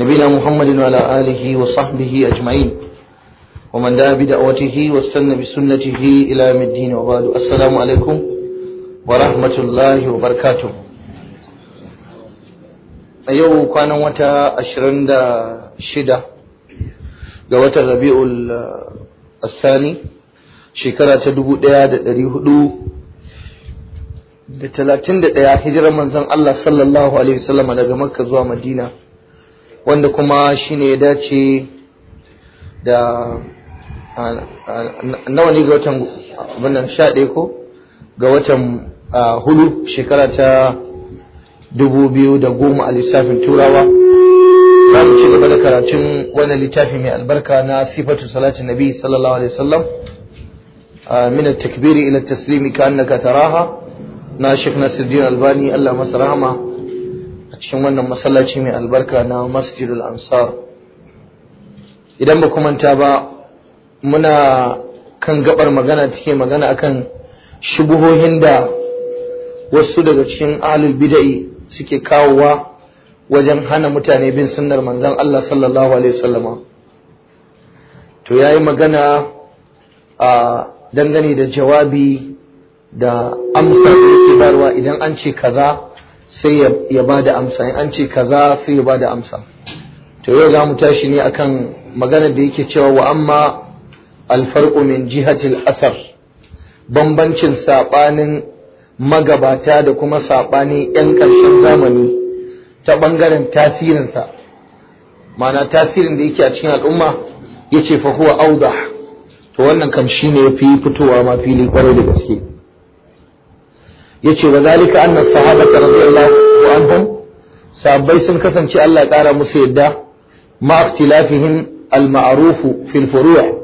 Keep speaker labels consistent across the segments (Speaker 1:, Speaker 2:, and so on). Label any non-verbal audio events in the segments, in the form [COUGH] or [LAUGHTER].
Speaker 1: نبينا محمد وعلى آله وصحبه أجمعين ومن دعا بدعوته واستنى بسنته إلى يوم الدين وبعد السلام عليكم
Speaker 2: ورحمة الله
Speaker 1: وبركاته أيوه كان وتا أشرند شدة قوة الربيع الثاني shekara ta dubu ɗaya da ɗari hudu da talatin da ɗaya hijirar manzon Allah sallallahu alaihi wasallama daga makka zuwa madina wanda kuma shi ne ya dace da nawa ne ga watan wannan sha ɗaya ko ga watan hudu shekara ta dubu biyu da goma a lissafin turawa za mu ci gaba da karatun wannan littafi mai albarka na sifatu salatin nabi sallallahu alaihi wasallam من taslimi إلى التسليم كأنك تراها na ناصر الدين albani, الله مسرهما a cikin wannan masallaci mai albarka na masjidul ansar idan ba manta ba muna kan gabar magana take magana akan shubuhohin da wasu daga cikin ahlul bida'i suke kawowa wajen hana mutane bin sunnar manzon Allah sallallahu alaihi wasallama to yayi magana a dangane da jawabi da amsa da yake barwa idan an ce kaza sai ya ba da amsa in an ce kaza sai ya ba da amsa to yau za mu tashi ne akan maganar da yake cewa wa amma alfarku min jihatil asar bambancin saɓanin magabata da kuma saɓanin yan ƙarshen zamani ta ɓangaren tasirinsa mana tasirin da yake a cikin al'umma yace fa huwa awdah to wannan kam shine yafi fitowa ma fili kwarai da gaske yace wa zalika anna sahabata radiyallahu anhum sahabbai sun kasance Allah ya kara musu yadda ma ikhtilafihim al-ma'ruf fi al-furu'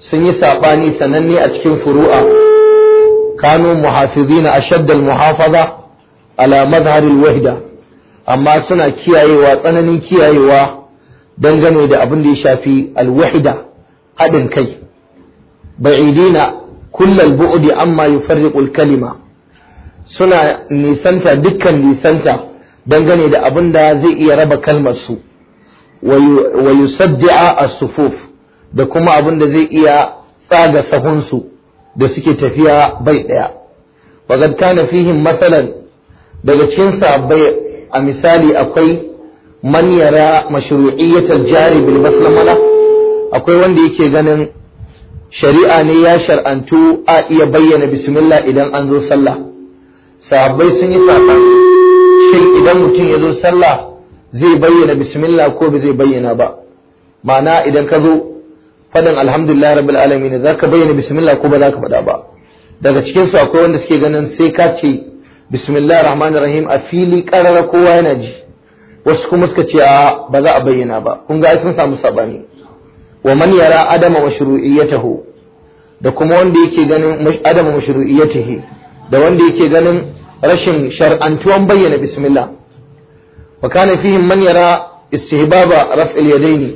Speaker 1: sun yi sabani sananne a cikin furu'a kanu muhafizina ashadda al-muhafaza ala mazhar al-wahda amma suna kiyayewa tsananin kiyayewa dangane da abin da ya shafi al-wahda haɗin kai ba'idina kullal bu'di amma yufarriqu al-kalima suna nisanta dukkan nisanta dangane da abin da zai iya raba kalmar su wa yusaddi'a as-sufuf da kuma abin da zai iya tsaga sahunsu da suke tafiya bai daya wa kad kana fihim masalan daga cikin sahabbai a misali akwai man yara jari bil maslamala akwai wanda yake ganin shari'a ne ya shar'antu a iya bayyana bismillah idan an zo sallah sahabbai sun yi saɓani shin idan mutum ya zo sallah zai bayyana bismillah ko ba zai bayyana ba ma'ana idan ka zo faɗin alhamdulillah rabbil alamin za ka bayyana bismillah ko ba za ka faɗa ba daga cikin su akwai wanda suke ganin sai ka ce bismillah rahman rahim a fili karara kowa yana ji wasu kuma suka ce a ba za a bayyana ba kun ga sun samu sabani wa man yara adama mashru'iyyatahu da kuma wanda yake ganin adama mashru'iyyatihi da wanda yake ganin rashin shar'antuwan bayyana bismillah wa kana fihim man yara istihbaba raf'il yadaini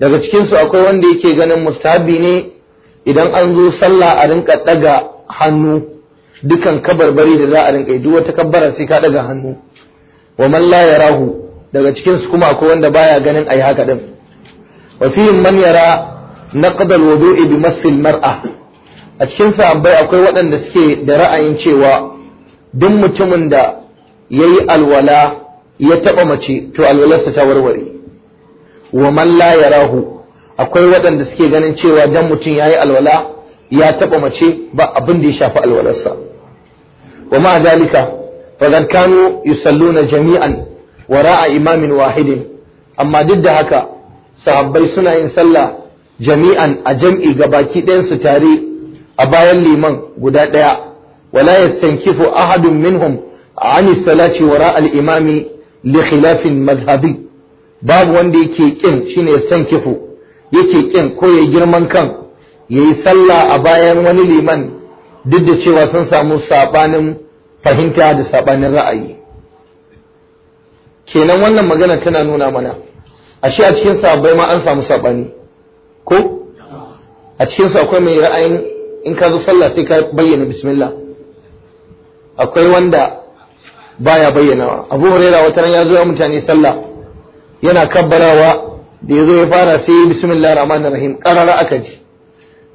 Speaker 1: daga cikin su akwai wanda yake ganin mustahabi ne idan an zo sallah a rinka daga hannu dukan kabarbari da za a rinka yi duk wata kabbara sai ka daga hannu wa man la yarahu daga cikin su kuma akwai wanda baya ganin ayi haka din wa fihim man yara naqdal wudu'i bi massil mar'a a cikin sahabbai akwai waɗanda suke da ra'ayin cewa duk mutumin da ya yi alwala ya taba mace to alwalarsa ta warware wa man la yarahu akwai waɗanda suke ganin cewa dan mutum ya yi alwala ya taba mace ba abin da ya shafi alwalarsa wa ma zalika dan kanu yusalluna jami'an wara'a imamin wahidin amma duk da haka sahabbai suna yin sallah jami'an a jam'i ga baki ɗayansu tare a bayan liman guda ɗaya wala yastankifu ahadun minhum an salati wara al-imami li khilafin madhhabi babu wanda yake kin shine yastankifu yake kin ko ya girman kan yayi sallah a bayan wani liman duk da cewa sun samu sabanin fahimta da sabanin ra'ayi kenan wannan magana tana nuna mana ashe a cikin sabai ma an samu sabani ko a cikin akwai mai ra'ayin in ka zo sallah sai ka bayyana bismillah akwai wanda baya bayyanawa abu huraira wata ran ya zo ya mutane sallah yana kabbarawa da ya zo ya fara sai bismillah rahman rahim karara aka ji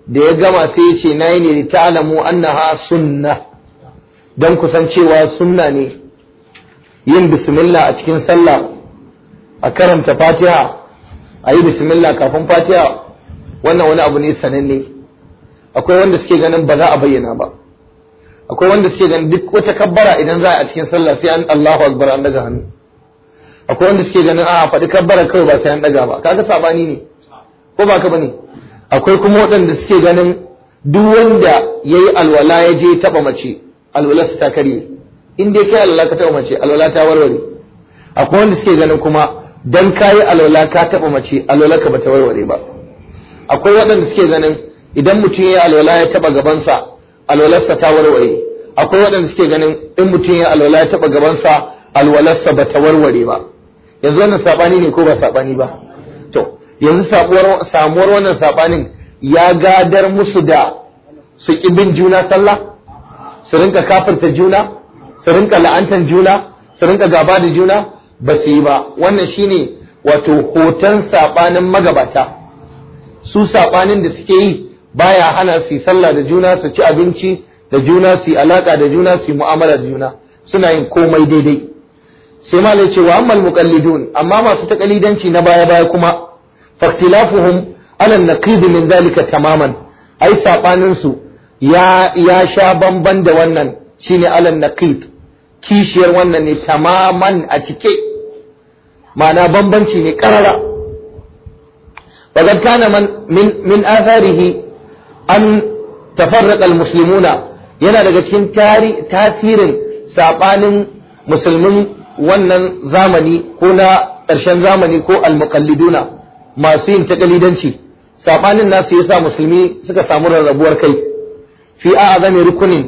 Speaker 1: da ya gama sai ya ce nayi ne li ta'lamu annaha sunnah dan kusan cewa sunna ne yin bismillah a cikin sallah a karanta fatiha a yi bismillah kafin fatiha wannan wani abu ne sananne akwai wanda suke ganin ba za a bayyana ba akwai wanda suke ganin duk wata kabbara idan za a cikin sallah sai an Allahu akbar an daga hannu akwai wanda suke ganin a faɗi kabbara kawai ba sai an daga ba kaga sabani ne ko ba ka bane akwai kuma waɗanda suke ganin duk wanda yayi alwala ya je taba mace alwala ta karye in dai kai alwala ka taba mace alwala ta warware akwai wanda suke ganin kuma dan kai alwala ka taba mace alwala ka ba ta warware ba akwai waɗanda suke ganin idan mutum ya alwala ya taba gabansa alwalarsa ta warware akwai waɗanda suke ganin in mutum ya alwala ya taba gabansa alwalarsa ba ta warware ba yanzu wannan saɓani ne ko ba saɓani ba to yanzu samuwar wannan saɓanin ya gadar musu da su ƙi bin juna sallah su rinka kafirta juna su rinka la'antar juna su rinka gaba da juna ba su yi ba wannan shine wato hoton saɓanin magabata su saɓanin da suke yi baya hana su sallah da juna su ci abinci da juna su alaka da juna su mu'amala da juna suna yin komai daidai sai malai ce wa ammal muqallidun amma masu takalidanci na baya baya kuma faktilafuhum ala naqid min zalika tamaman ai sabanin su ya ya sha bamban da wannan shine ala naqid kishiyar wannan ne tamaman a cike ma'ana bambanci ne karara wa كان man min min آثاره an tafarraqa musulmuna yana daga cikin tasirin saɓanin musulmin wannan zamani ko na ƙarshen zamani ko almuqalliduna masu yin takalidanci saɓanin nasu yasa musulmi suka samu rarrabuwar kai fi azami rukunin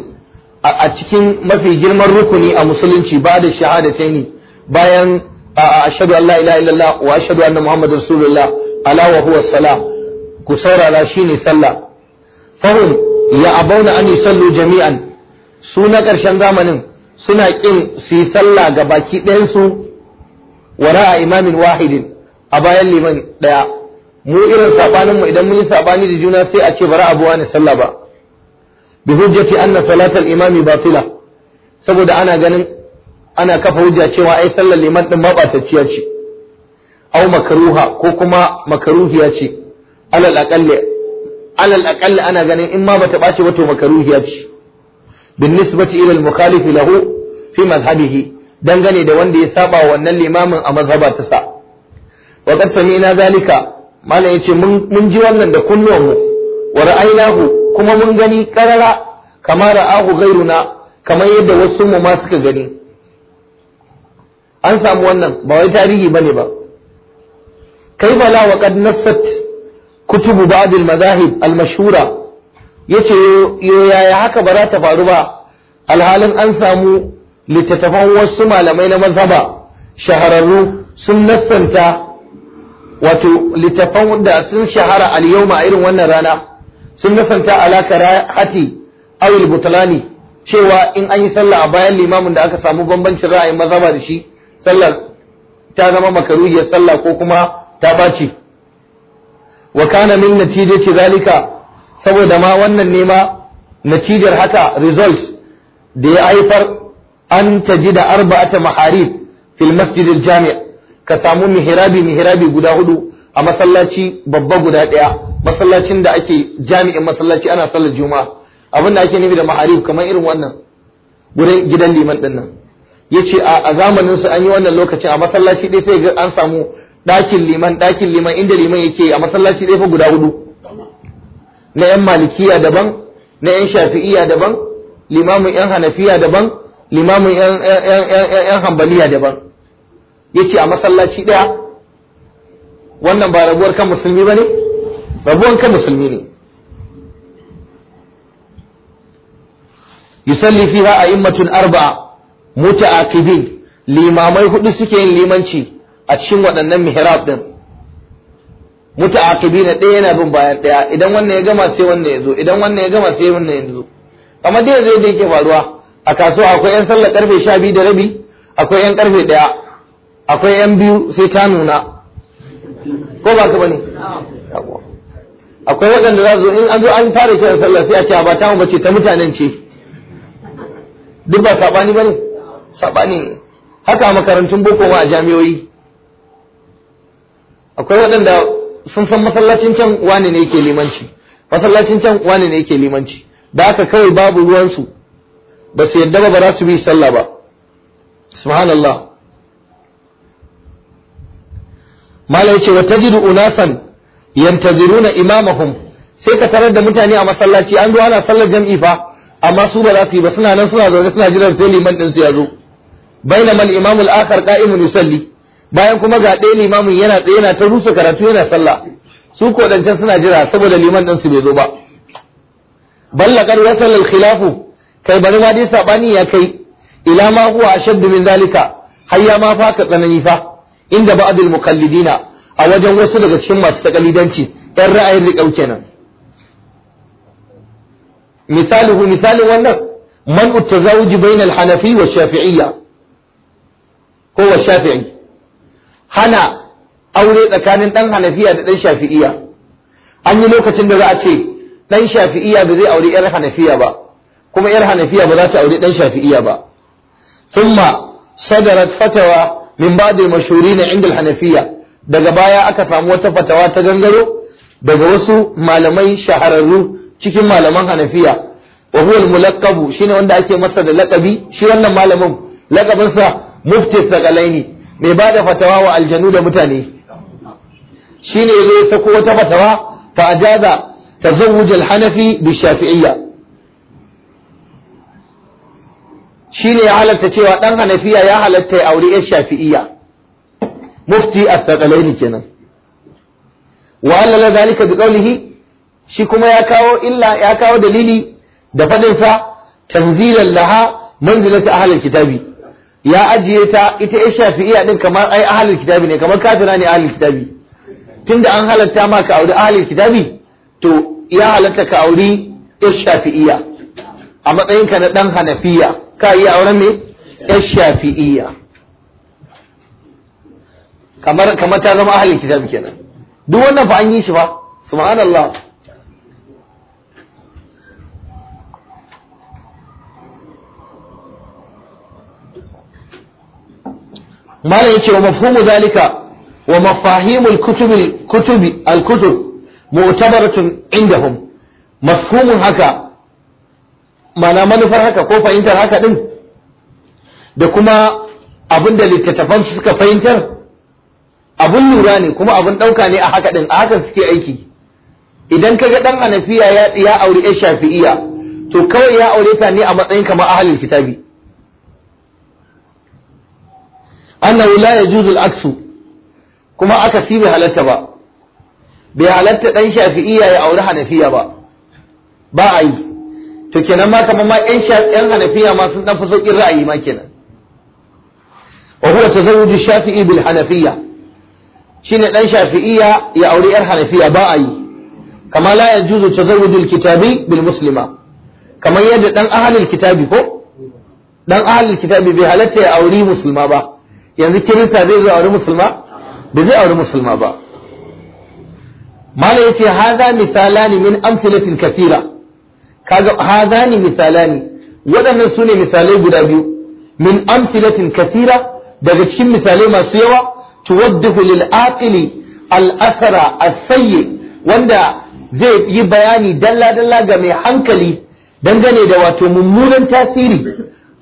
Speaker 1: a cikin mafi girman rukuni a musulunci ba da shahadataini bayan a ashadu Allah ila illallah wa ashadu anna Muhammadu rasulullah ala wa huwa salam ku saurara shine sallah fahim ya abauna an sallu jami'an su na ƙarshen zamanin suna ƙin su yi sallah ga baki ɗayansu wara a imamin wahidin a bayan liman ɗaya mu irin saɓaninmu mu idan mun yi saɓani da juna sai a ce bara abuwa ne sallah ba bi hujjati anna salatar imami batila saboda ana ganin ana kafa hujja cewa ai sallar liman din mabatacciya ce au makruha ko kuma makaruhiya ce alal aqalli alal aqall ana ganin in ma bata bace ba to makaruhiya ce bin nisbati ila al mukhalif lahu fi mazhabihi dangane da wanda ya saba wannan limamin a mazhaba ta sa wa qad sami'na zalika malam yace mun mun ji wannan da kunnuwanmu wa ra'aynahu kuma mun gani karara kama ra'ahu ghairuna kamar yadda wasu mu ma suka gani an samu wannan ba wai tarihi bane ba kai bala wa qad nassat kutubu ba'd al al-mashhura yace yo yaya haka ba za ta faru ba alhalin an samu littattafan wasu malamai na mazhaba shahararru sun nassanta wato littattafan da sun shahara al-yawma a irin wannan rana sun nasanta alaka hati awil butlani cewa in an yi sallah a bayan limamin da aka samu bambancin ra'ayin mazhaba da shi sallar ta zama makarujiyar sallah ko kuma ta bace wa kana min natijati zalika saboda ma wannan nema natijar haka result da ya haifar an da arba'ata maharib fil masjid al jami' ka samu mihrabi mihrabi guda hudu a masallaci babba guda daya masallacin da ake jami'in masallaci ana sallar juma'a abinda ake nufi da maharib kamar irin wannan gurin gidan liman ɗinnan yace a zamanin su an yi wannan lokacin a masallaci dai sai an samu ɗakin liman ɗakin liman inda liman yake a masallaci ɗaya fa guda hudu na yan malikiya daban na yan shafi'iya daban limamin yan hanafiya daban limamin yan hambaliya daban yace a masallaci ɗaya wannan ba rabuwar kan musulmi ba ne rabuwar kan musulmi ne yusalli fiha a'immatun arba'a muta'aqibin limamai hudu suke yin limanci a cikin waɗannan mihrab ɗin, din na ɗaya yana bin bayan ɗaya idan wannan ya gama sai wannan ya zo idan wannan ya gama sai wannan ya zo amma dai yanzu yadda yake faruwa a kasuwa akwai yan sallar karfe sha biyu da rabi akwai yan karfe ɗaya akwai yan biyu sai ta nuna ko ba ka bane akwai waɗanda za su in an zo an fara kiran sallar sai a ce ba ta mu bace ta mutanen ce duk ba sabani bane sabani haka makarantun boko ma a jami'oyi akwai waɗanda sun san masallacin can wane ne yake limanci masallacin can wane ne yake limanci da aka kawai babu ruwansu ba su yadda ba ba za su bi sallah ba subhanallah malai ce wa tajidu unasan yantaziruna imamahum sai ka tarar da mutane a masallaci an zo ana sallar jam'i fa amma su ba za su yi ba suna nan suna zaune suna jiran sai liman din su ya zo bainamal imamul akhar qa'imun yusalli bayan kuma ga ɗaya limamin yana tsaye yana ta rusa karatu yana sallah su ko dancan suna jira saboda liman ɗansu bai zo ba kar wasal al khilafu kai bari ma dai sabani ya kai ila ma huwa ashaddu min zalika har ma fa ka tsanani fa inda ba'd al muqallidina a wajen wasu daga cikin masu takalidanci ɗan ra'ayin riƙau kenan misalihu misalin wannan man utazawuji bainal hanafi wa shafi'iyya ko wa shafi'i hana aure tsakanin ɗan hanafiya da ɗan shafi'iya an yi lokacin da za a ce ɗan shafi'iya ba zai aure 'yar hanafiya ba kuma 'yar hanafiya ba za ta aure ɗan shafi'iya ba thumma sadarat fatawa min ba'd mashhurin 'inda hanafiya daga baya aka samu wata fatawa ta gangaro daga wasu malamai shahararru cikin malaman hanafiya wa huwa al-mulaqabu shine wanda ake masa da laqabi shi wannan malamin laqabinsa mufti ne. mai ba da fatawa wa aljanu da mutane Shi ne ya sako wata fatawa ta ajaza ta al-hanafi bi shafi'iyya shine ya halatta cewa ɗan hanafiya ya halatta ya aure yar shafi'iyya mufti al-thaqalaini kenan wa allala zalika bi qawlihi shi kuma ya kawo illa ya kawo dalili da fadin sa tanzilan laha manzilata ahlul kitabi ya ajiye ta ita ya shafi'iya din kamar ai ahlul kitabi ne kamar kafira ne ahlul kitabi tunda an halatta ma ka auri ahlul kitabi to ya halatta ka auri yar shafi'iya a matsayin ka na dan hanafiya ka iya auren me yar shafi'iya kamar kamar ta zama ahalin kitabi kenan duk wannan fa an yi shi fa subhanallah malam yace wa mafhumu zalika wa mafahimul kutubi kutubi al kutub mu'tabaratun indahum mafhumun haka mana manufar haka ko fahimtar haka din da kuma abin da littattafan suka fahimtar Abun lura ne kuma abin ɗauka ne a haka din a hakan suke aiki idan kaga dan hanafiya ya ya aure ya shafi'iya to kawai ya aure ta ne a matsayin kamar ahlul kitabi annahu la yajuzu al-aksu kuma aka si bai halatta ba bai halatta dan shafi'iyya ya auri hanafiya ba ba a yi to kenan ma kamar ma yan yan hanafiya ma sun ɗan fi saukin ra'ayi ma kenan wa huwa tazawwuju shafi'i bil hanafiya shine dan shafi'iyya ya auri yar hanafiya ba a yi kama la yajuzu tazawwuju al-kitabi bil muslima kamar yadda dan ahlul kitabi ko dan ahlul kitabi bai halatta ya auri musulma ba yanzu kirista zai zo auri musulma ba zai auri musulma ba Malam yace haza misalani min amsalatin kathira kaga haza ni misalani waɗannan sune misalai guda biyu min amsalatin kathira daga cikin misalai masu yawa tuwaddihu lil aqili al athara as sayyi wanda zai yi bayani dalla dalla ga mai hankali dangane da wato mummunan tasiri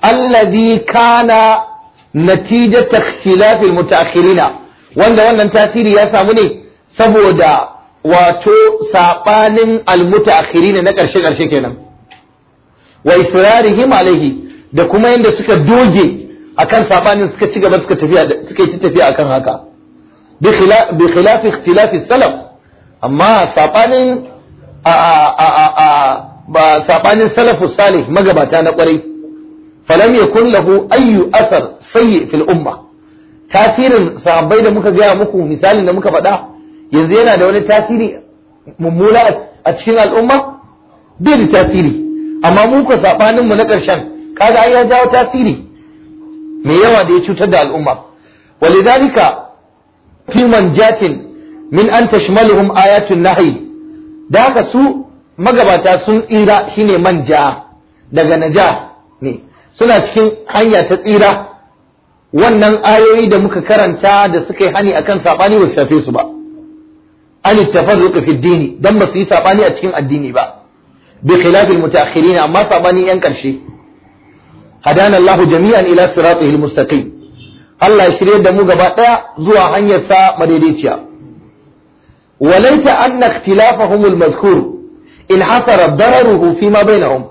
Speaker 1: allazi kana natijat ikhtilafil mutaakhirina wanda wannan tasiri ya samu ne saboda wato saɓanin almutaakhirina na karshe karshe kenan Wai israrihim alaihi da kuma yanda suka duge akan sabanin suka ci gaba suka tafiya yi tafiya akan haka bi khilaf ikhtilaf salaf amma sabanin a a magabata na kwarai falam yakun lahu ayyu asar sayyi fil umma tasirin sahabbai da muka gaya muku misalin da muka faɗa yanzu yana da wani tasiri mummuna a cikin al'umma bai da tasiri amma mu ka sabanin mu na ƙarshen kaga ai ya jawo tasiri mai yawa da ya cutar da al'umma walidhalika fi jatin min an tashmaluhum ayatun nahyi da haka su magabata sun tsira shine manja daga naja ne suna cikin hanya ta tsira wannan ayoyi da muka karanta da suka yi hani akan saɓani ba su shafe su ba an ittafarruqa fi dini dan ba su yi saɓani a cikin addini ba bi khilafil mutaakhirin amma saɓani yan karshe hadana Allah jami'an ila siratihil mustaqim Allah ya shirye da mu gaba daya zuwa hanyar sa madaidaiciya walaita anna ikhtilafahum almazkur in hasara dararuhu fi ma bainahum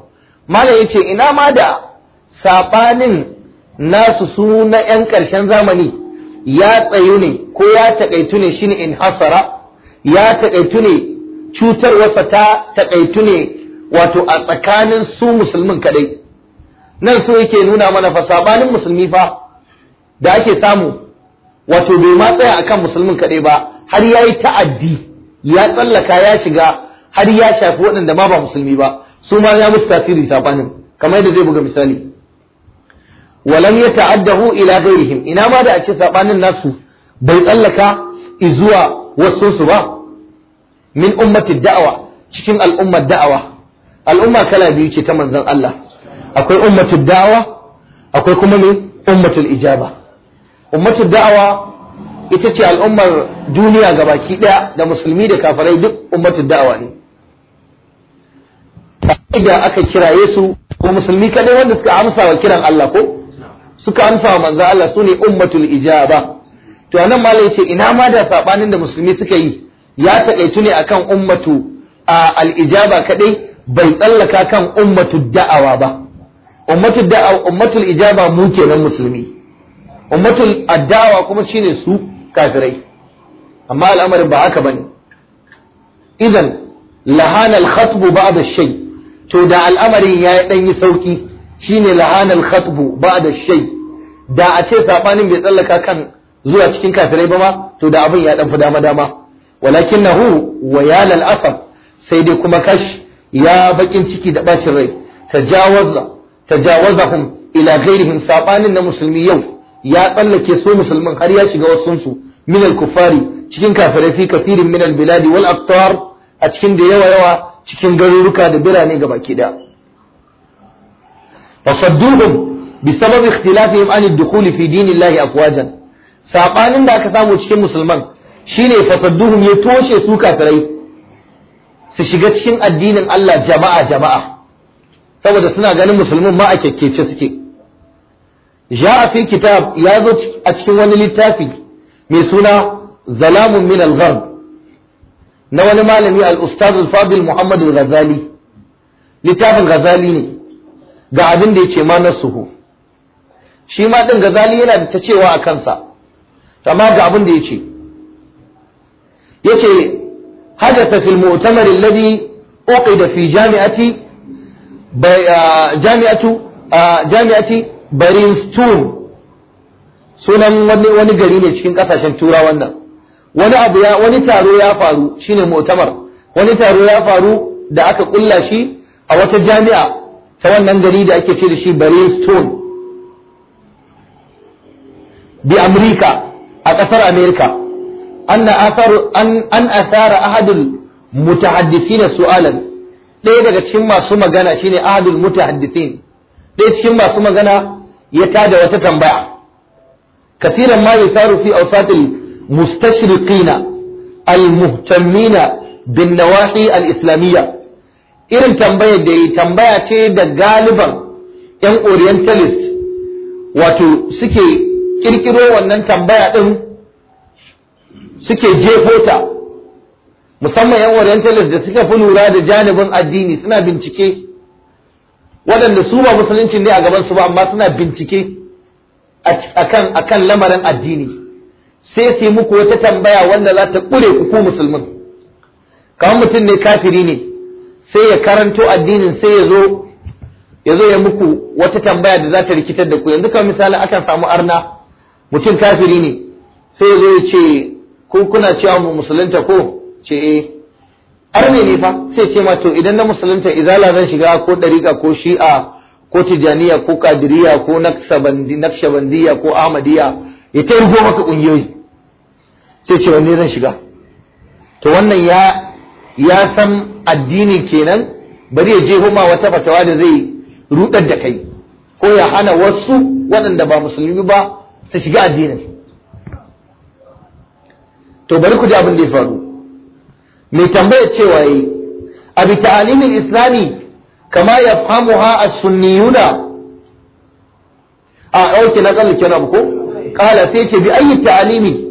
Speaker 1: mala yace ina ma da saɓanin nasu su na 'yan ƙarshen zamani ya tsayu ne ko ya taƙaitu ne shine in hasara ya taƙaitu ne cutar wasa ta taƙaitu ne wato a tsakanin su musulmin kaɗai nan so yake nuna mana fa saɓanin musulmi fa da ake samu wato bai ma tsaya akan musulmin kaɗai ba har ya yi ta'addi ya tsallaka ya shiga har ya shafi waɗanda ma ba musulmi ba su ma ya musu tasiri saɓanin kamar yadda zai buga misali walam ya ta'addahu ila ghairihim ina ma da a ce sabanin nasu bai tsallaka izuwa wasu su ba min ummati da'awa cikin al'ummar da'awa al'umma kala biyu ce ta manzon Allah akwai ummatu da'awa akwai kuma ne ummatul ijaba ummatu da'awa ita ce al'ummar duniya ga baki daya da musulmi da kafirai duk ummatu da'awa ne idan aka kiraye su ko musulmi kadai wanda suka amsa wa kiran Allah ko suka amsa manzo Allah sune ummatul ijaba to anan malai yace ina ma da sabanin da musulmi suka yi ya takaitu ne akan ummatu al ijaba kadai bai tsallaka kan ummatu da'awa ba ummatul da'awa ummatul ijaba mu kenan musulmi ummatul addawa kuma shine su kafirai amma al'amarin ba haka bane idan lahana al-khatbu ba'da shai shay to da al'amarin ya dan yi sauki shine ne la'anar khatbu ba'da shai da a ce saɓanin bai tsallaka kan zuwa cikin kafirai ba ma to da abin ya dan dama dama Walakin wa ya lal asab sai dai kuma kash ya bakin ciki da ɓacin rai tajawaza tajawazahum ila gairihin saɓanin na musulmi yau ya tsallake su musulmin har ya shiga wasu su min kufari, kuffari cikin kafirai fi kafirin min biladi wal aqtar a cikin da yawa yawa cikin garuruka da birane gaba ki daya fasadduhum bi اختلافهم عن الدخول في دين الله افواجا sabanin da aka samu cikin musulman shine fasadduhum ya toshe su kafirai su shiga cikin addinin Allah jama'a jama'a saboda suna ganin musulmin ma a kekkece suke ja a fi kitab ya zo a cikin wani littafi mai suna zalamun min al na wani malami al-ustad al-fadil Muhammad al littafin Ghazali ne ga abin da yake ma nasuhu shi ma din gazali yana da ta cewa a kansa amma ga abin da yake ce hajjata fil mu'tamar alladhi uqida fi jami'ati jami'atu jami'ati Barinstum sunan wani gari ne cikin ƙasashen tura wannan wani abu ya wani taro ya faru shine mu'tamar wani taro ya faru da aka kulla shi a wata jami'a ta wannan gari da ake ce da shi Stone bi Amurka a ƙasar Amerika an asara ahadul mutahaddisin su'alan ɗaya daga cikin masu magana shine ahadul mutahaddisin ɗaya cikin masu magana ya tada wata tambaya kasiran ma yasaru fi awsatil mustashriqina al muhtammina bin nawahi al islamiyya irin tambayar da yi tambaya ce da galiban 'yan orientalist wato suke kirkiro wannan tambaya ɗin suke jefota. musamman 'yan orientalist da suka fi lura da janibin addini suna bincike waɗanda su ba musulunci ne a gaban su ba amma suna bincike a kan lamarin addini sai su muku wata tambaya wanda za ta ƙure ku musulmin kamar mutum ne kafiri ne sai ya karanto addinin sai ya zo ya zo ya muku wata tambaya da za ta rikitar da ku yanzu kan misali aka samu arna mutum kafiri ne sai ya zo ya ce ko kuna cewa mu musulunta ko ce eh arne ne fa sai ce ma to idan na musulunta izala zan shiga ko dariƙa ko shi'a ko tijaniya ko kadiriya ko nakshabandiya ko ahmadiyya ya ta maka ƙungiyoyi sai ce wanne zan shiga to wannan ya ya san addini kenan bari ya je homa wata fatawa da zai rudar da kai ko ya hana wasu waɗanda ba musulmi ba su shiga addinin to bari ku ji abin da ya faru mai tambaya cewa yi a bi ta'alimin islami kama ya famu ha a sunniyuna a ɗauke na tsallake na ko kala sai ce bi ayi ta'alimi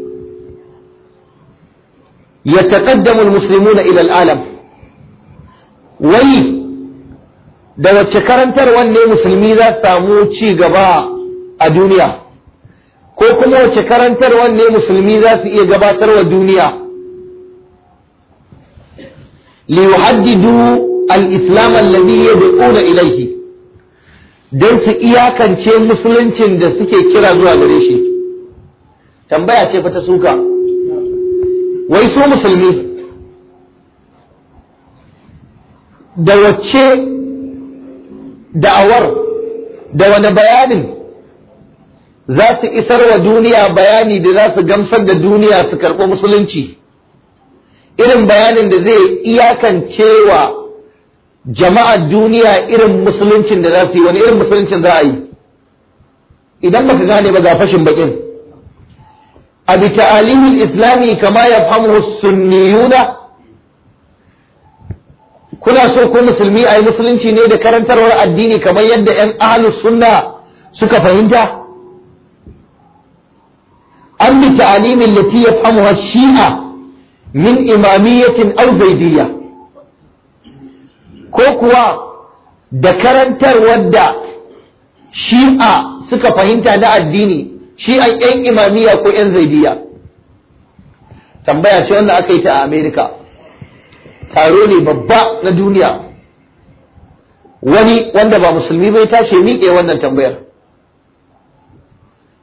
Speaker 1: yataqaddamu almuslimuna ila alam wai da wacce karantarwar ne musulmi za su samu ci gaba a duniya ko kuma wacce karantarwar ne musulmi za su iya gabatarwa duniya liyuhaddidu al-islam alladhi yad'una ilayhi dan su iyakance musuluncin da suke kira zuwa gare shi tambaya ce fa ta suka wai su musulmi da wacce da'awar da wani bayanin za su isar wa duniya bayani da za su gamsar da duniya su karɓi musulunci irin bayanin da zai iyakance wa jama'ar duniya irin musuluncin da za su yi wani irin musuluncin za a yi idan baka gane ba ga fashin bakin بتعاليم الإسلام كما يفهمه السنيون kuna so ko musulmi a yi musulunci ne da karantarwar addini kamar yadda 'yan ahalus sunna suka fahimta an bi ta'alimin lati ya famuwa shi'a min imamiyyatin aw zaidiyya ko kuwa da karantarwar da shi'a suka fahimta na addini shi an yan imamiya ko yan zaidiya tambaya ce wanda aka yi ta a amerika taro ne babba na duniya wani wanda ba musulmi bai tashi miƙe wannan tambayar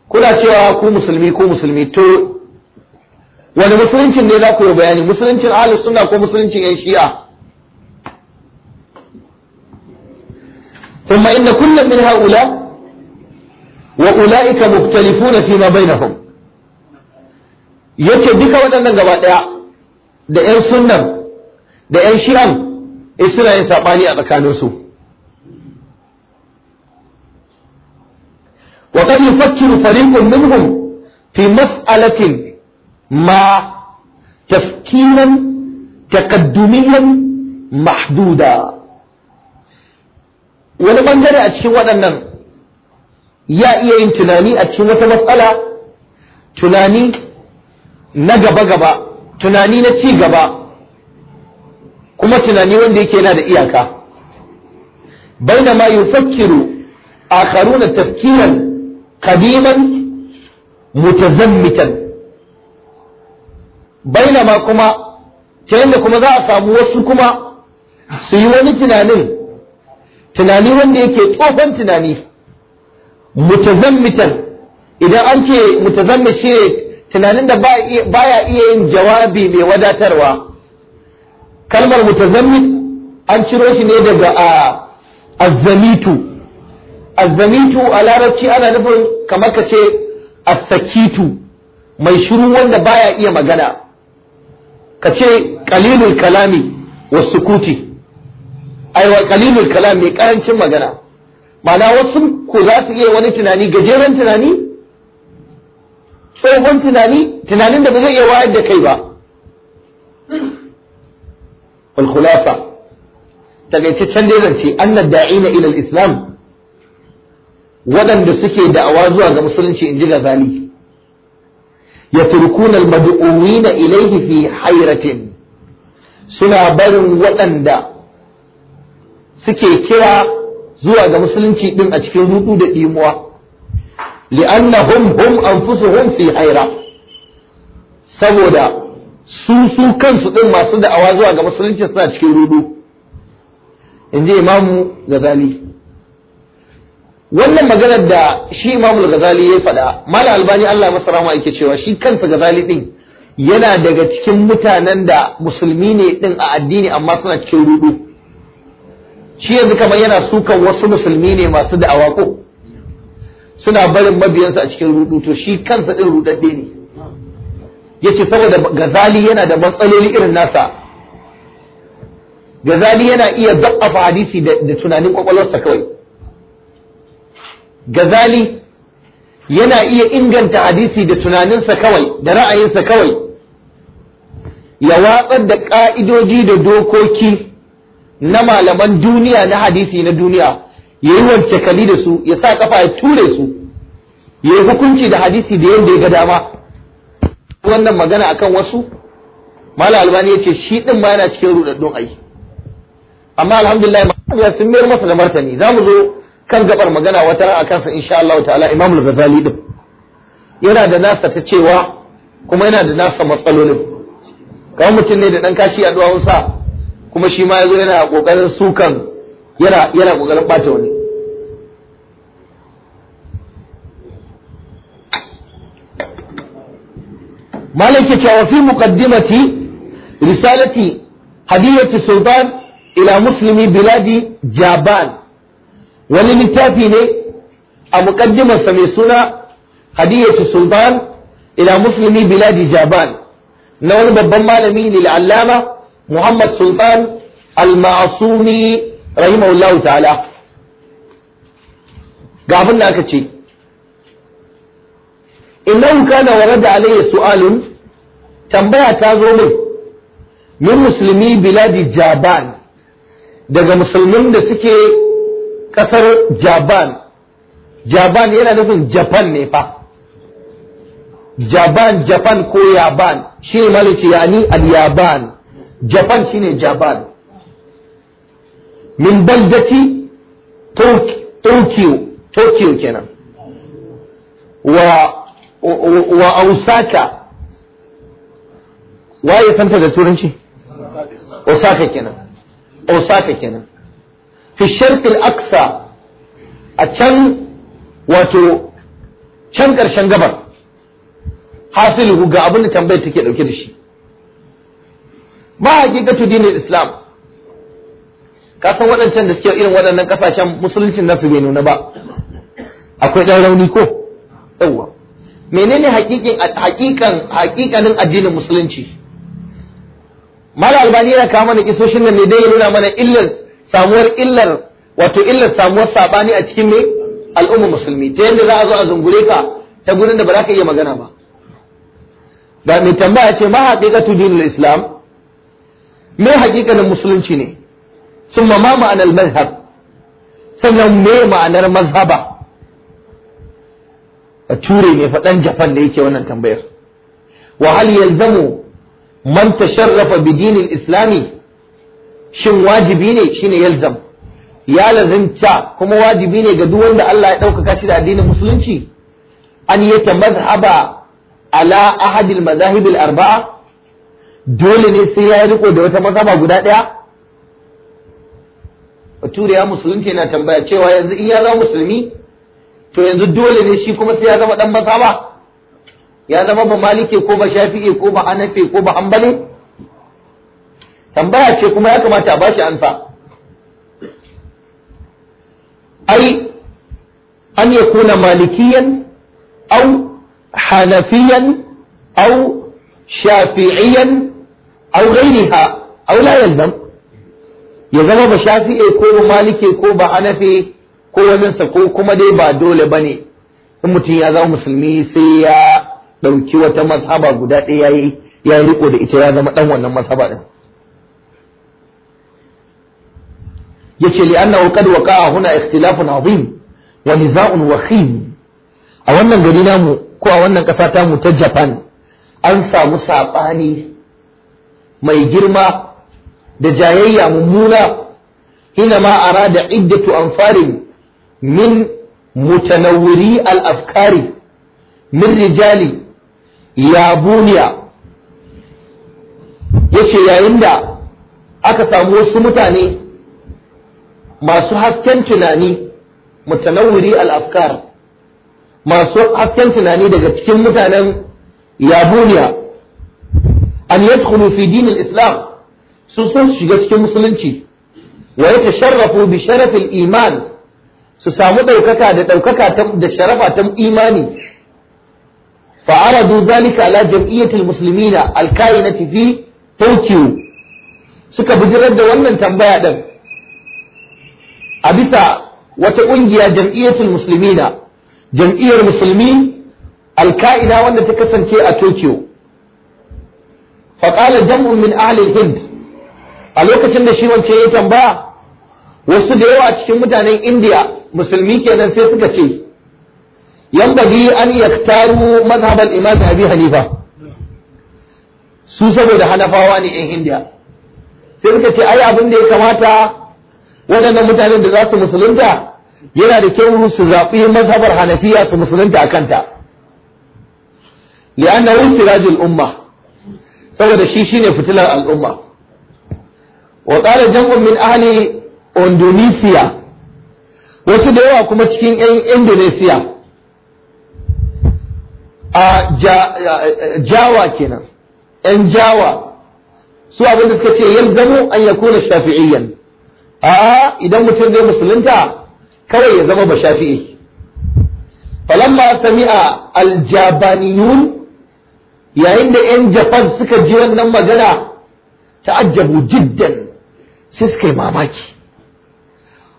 Speaker 1: kuna cewa ku musulmi ko musulmi to wani musuluncin ne za ku yi bayani musuluncin ahlus suna ko musuluncin yan shi'a ثم إن كل من هؤلاء wa ula'ika mukhtalifuna na ma bainahum yace duka waɗannan gaba ɗaya da 'yan sunnan da yan shi'an eh suna yin saɓani a tsakaninsu wa qad yufakkiru fariqun minhum fi mas'alatin ma تفكيرا تقدميا mahduda. wani bangare a cikin waɗannan ya iya yin tunani a cikin wata matsala tunani na gaba-gaba tunani na ci gaba kuma tunani wanda yake yana da iyaka bainama yufakkiru akharuna tafkiran qadiman mutazammitan ma kuma ta yadda kuma za a samu wasu kuma su yi wani tunanin tunani wanda yake tsohon tunani mutazammitan idan an ce mutazammit shi ne tunanin da baya iya yin jawabi mai wadatarwa kalmar mutazammit an ciro shi ne daga azzamitu azzamitu a larabci ana nufin kamar ka ce asakitu mai shiru wanda baya iya magana ka ce kalilul kalami wasu kuti aiwa kalilul kalam mai karancin magana ma'ana wasu ku za su iya wani tunani gajeren tunani tsohon tunani tunanin da ba zai iya wayar da kai ba wal khulasa takaitaccen dai zance annad da'ina ila islam waɗanda suke da'awa zuwa ga musulunci in ji gazali yatrukuna al na ilayhi fi hayratin suna barin waɗanda suke kira zuwa ga musulunci din a cikin rudu da imuwa li'annahum hum anfusuhum fi haira saboda su su kansu din masu da'awa zuwa ga musulunci suna cikin rudu in ji imamu gazali wannan maganar da shi imamu gazali ya faɗa mala albani allah masa rahama yake cewa shi kansa gazali din yana daga cikin mutanen da musulmi ne din a addini amma suna cikin rudu shi yanzu kamar yana sukan wasu musulmi ne masu da awako suna barin mabiyansa a cikin rudu to shi kansa din rudadde ne yace saboda gazali yana da matsaloli irin nasa gazali yana iya dabbafa hadisi da tunanin kwakwalwarsa kawai gazali yana iya inganta hadisi da tunaninsa kawai da ra'ayinsa kawai ya watsar da ka'idoji da dokoki na malaman duniya na hadisi na duniya ya yi wance kali da su ya sa kafa ya ture su ya yi hukunci da hadisi da yadda ya ga dama wannan magana akan wasu malam albani ya ce shi ɗin ma yana cikin rudaddun ai amma alhamdulillah ya sun mayar masa da martani za mu zo kan gabar magana wata ran akan sa insha Allah ta'ala Imam al-Ghazali din yana da nasa ta cewa kuma yana da nasa matsalolin kamar mutum ne da ɗan kashi a duwawunsa kuma shi ma yazo yana kokarin sukan yana yana kokarin bata wani fi وفي Risalati, رسالة Sultan, Ila إلى Biladi Jaban. Wani وللتافي ne a sa mai suna hadiyatu sultan ila muslimi biladi jaban na wani babban malami ne alama. Muhammad Sultan al-Ma'asumi rahimahullahu ta'ala ga abin da aka ce innahu kana warada alayhi su'alun tambaya ta zo min min musulmi biladi Jaban daga musulmin da suke ƙasar Jaban Jaban yana nufin Japan ne fa Jaban Japan ko Yaban shi ne malice yani al-Yaban japan shine jabal min baldati tokyo tokyo kenan wa wa osaka waye santa da turanci osaka kenan osaka kenan fi sharq al-aqsa a can wato can ƙarshen gabar hasilu ga abin da tambayar take dauke da shi ma haqiqatu dinin islam ka san waɗancan da suke irin waɗannan kasashen musuluncin nasu bai nuna ba akwai ɗan rauni ko yawwa menene haƙiƙin haƙiƙanin addinin musulunci mala albani yana kawo mana kisoshin nan ne dai ya nuna mana illar samuwar illar wato illar samuwar sabani a cikin me al'umma musulmi ta yadda za a zo a zungure ka ta gurin da ba za ka iya magana ba ga mai tambaya ce ma haqiqatu dinul islam me hakikanin musulunci ne sun ma ma'anar mazhab sannan me ma'anar mazhaba a ture ne faɗan japan da yake wannan tambayar Wahal yalzamu man sharrafa bidinin islami shin wajibi ne shine yalzam ya lazimta kuma wajibi ne ga duk wanda Allah ya ɗaukaka shi da addinin musulunci an ta mazhaba ala ahadil mazahibil arba'a dole ne sai ya riko da wata mazhaba guda ɗaya bature ya musulunci yana tambaya cewa yanzu in ya zama musulmi to yanzu dole ne shi kuma sai ya zama dan mazhaba ya zama ba malike ko ba shafi'i ko ba hanafi ko ba hanbali tambaya ce kuma ya kamata a bashi ansa ai an ya kuna malikiyan au hanafiyan au shafi'iyan au ghairiha au la ya zama ba shafi'e ko ba malike ko ba hanafi ko waninsa ko kuma dai ba dole ba ne in mutum ya zama musulmi sai ya ɗauki wata mazhaba guda ɗaya yayi ya riko da ita ya zama ɗan wannan mazhaba ɗin yace li annahu qad a huna ikhtilafun azim wa niza'un wakhim a wannan gari namu ko a wannan ƙasa tamu ta Japan an samu saɓani mai girma da jayayya mummuna ina ma ara da iddatu anfarin min mutanawwiri al-afkari min rijali ya buniya yace yayin da aka samu wasu mutane masu hasken tunani mutanawwiri al masu hasken tunani daga cikin mutanen ya buniya. an yadkhulu fi din al-islam su san shiga cikin musulunci wa ta bi sharaf iman su samu daukaka da daukaka da sharafa ta imani fa aradu zalika ala jam'iyyati al-muslimina al-kainati suka bijirar da wannan tambaya din a bisa wata ƙungiya jam'iyyatul Musulmina, jam'iyyar musulmi alka'ida wanda ta kasance a Tokyo faƙala jam'un min ahlil hind a lokacin da shi wance ya tambaya wasu da yawa cikin mutanen indiya musulmi kenan sai suka ce yambagi an yaktaru mazhabal imam abi hanifa su saboda hanafawa ne yan indiya sai suka ce ai abin da ya kamata waɗannan mutanen da za su musulunta yana da kyau su zaɓi mazhabar hanafiya su musulunta a kanta li'annahu sirajul umma saboda shi shine fitilar al'umma wa qala jam'un min ahli Indonesia wasu da yawa kuma cikin 'yan Indonesia a jawa kenan 'yan jawa su abinda suka ce yalzamu an yakuna shafi'iyyan a'a idan mutum zai musulunta kawai ya zama ba shafi'i falamma sami'a aljabaniyun yayin da 'yan japan suka ji wannan magana ta'ajjabu jiddan sai suka yi mamaki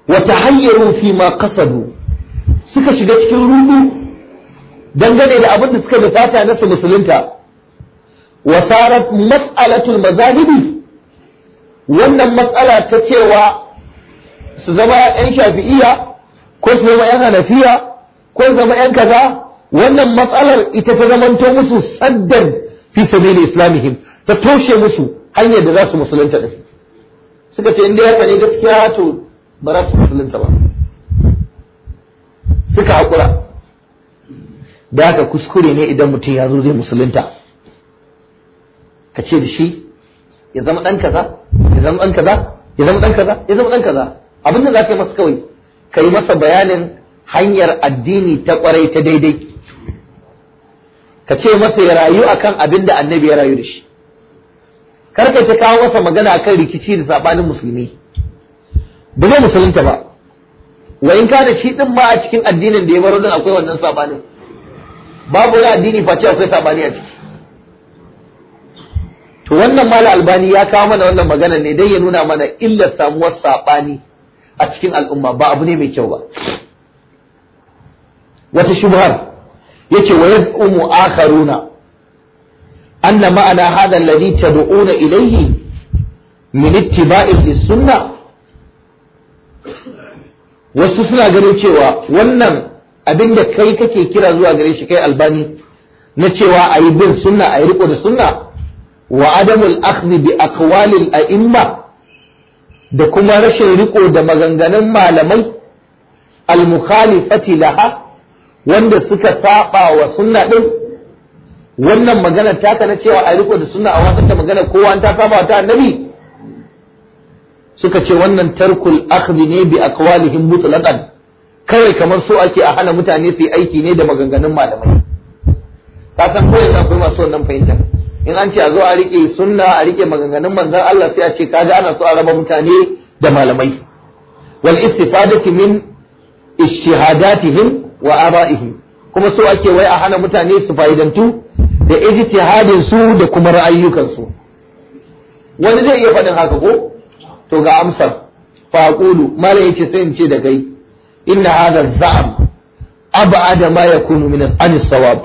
Speaker 1: wata hanyar fi ma kasadu suka shiga cikin rudu dangane da abin da suka nufata na su musulunta wa sarat mas'alatul mazalibi wannan matsala ta cewa su zama 'yan shafi'iya ko su zama 'yan hanafiya ko su zama 'yan kaza wannan matsalar ita ta zamanto musu saddan fi sabili islamihim ta toshe musu hanyar da za su musulunta da suka ce inda haka ne gaskiya to ba za su musulunta ba suka haƙura da haka kuskure ne idan mutum ya zo zai musulunta ka ce da shi ya zama ɗan kaza ya zama ɗan kaza ya zama ɗan kaza ya zama ɗan kaza abin da za ka yi masa kawai ka yi masa bayanin hanyar addini ta ƙwarai ta daidai ka ce masa ya rayu akan abin da annabi ya rayu da shi karka ka ta kawo masa magana akan rikici da sabanin musulmi ba zai musulunta ba wa in da shi din ma a cikin addinin da ya baro din akwai wannan sabanin babu wani addini face akwai sabani a ciki to wannan mala albani ya kawo mana wannan magana ne dai ya nuna mana illar samuwar saɓani a cikin al'umma ba abu ne mai kyau ba wata shubhar yace wa yaz'umu akharuna anna ma'ana hadha alladhi tad'una ilayhi min ittiba'i sunna wasu suna ganin cewa wannan abin da kai kake kira zuwa gare shi kai albani na cewa a yi bin sunna a yi riko da sunna wa adamul akhdhi bi aqwalil a'imma da kuma rashin riko da maganganun malamai al mukhalifati laha wanda suka saba wa sunna din wannan magana taka na cewa a riko da sunna a wasan da magana kowa ta saba ta annabi suka ce wannan tarkul akhdhi ne bi aqwalihim mutlaqan kawai kamar so ake a hana mutane su aiki ne da maganganun malamai ka san ko yanzu akwai masu wannan fahimta in an ce a zo a rike sunna a rike maganganun manzon Allah sai a ce kaga ana so a raba mutane da malamai wal istifadati min ijtihadatihim wa aba'ihim kuma so ake wai a hana mutane su fa'idantu da ijtihadin su da kuma ra'ayyukan su wani zai iya faɗin haka ko to ga amsar fa aqulu mala yace sai in ce da kai inna hadha za'am ab'ada ma yakunu min anis sawab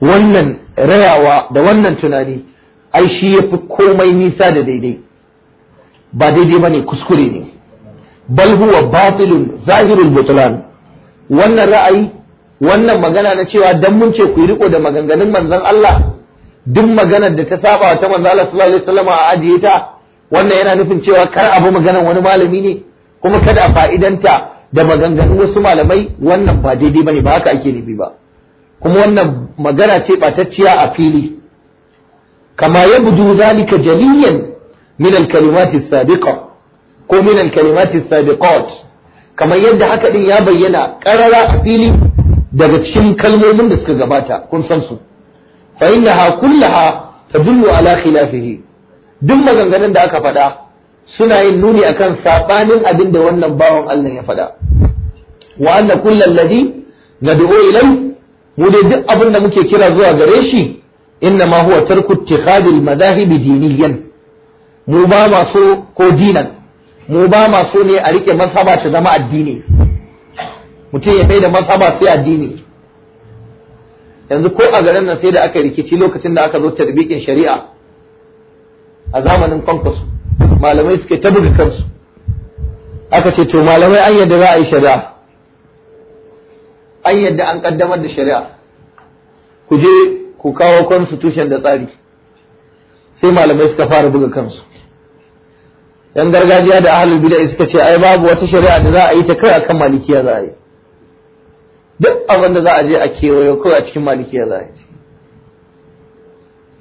Speaker 1: wannan rayawa da wannan tunani ai shi yafi komai nisa da daidai ba daidai bane kuskure ne bal huwa batilun zahirul butlan wannan ra'ayi wannan magana na cewa dan mun ce ku yi riko da maganganun manzon Allah duk maganar da ta saba ta manzon Allah sallallahu alaihi wasallam a ajiye ta wannan yana nufin cewa kar abu maganar wani malami ne kuma kada a fa'idanta da maganganun wasu malamai wannan ba daidai bane ba haka ake nufi ba kuma wannan magana ce batacciya a fili kama ya budu zalika jaliyan min al-kalimati sabiqa ko min al-kalimati sabiqat kamar yadda haka din ya bayyana karara a fili daga cikin kalmomin da suka gabata kun san su fa ha, kullaha tadullu ala khilafihi duk maganganun da aka faɗa suna yin nuni akan sabanin abin da wannan bawan Allah ya faɗa wa anna kullal ladhi nad'u ilai mu dai duk abin da muke kira zuwa gare shi inna ma huwa tarku ittikhadil madahib diniyan mu ba maso ko dinan mu ba ma so ne a rike mazhaba ta zama addini mutum ya mai da mazhaba sai addini yanzu ko a garin nan sai da aka rikici lokacin da aka zo tarbikin shari'a a zamanin kwankwas malamai suke ta buga kansu aka ce to malamai an yadda za a yi shari'a an yadda an kaddamar da shari'a ku je ku kawo constitution da tsari sai malamai suka fara buga kansu yan gargajiya da ahlul bid'a suka ce ai babu wata shari'a da za a yi ta kai akan malikiya za a yi duk abin da za a je a kewayo kai a cikin malikiya za a yi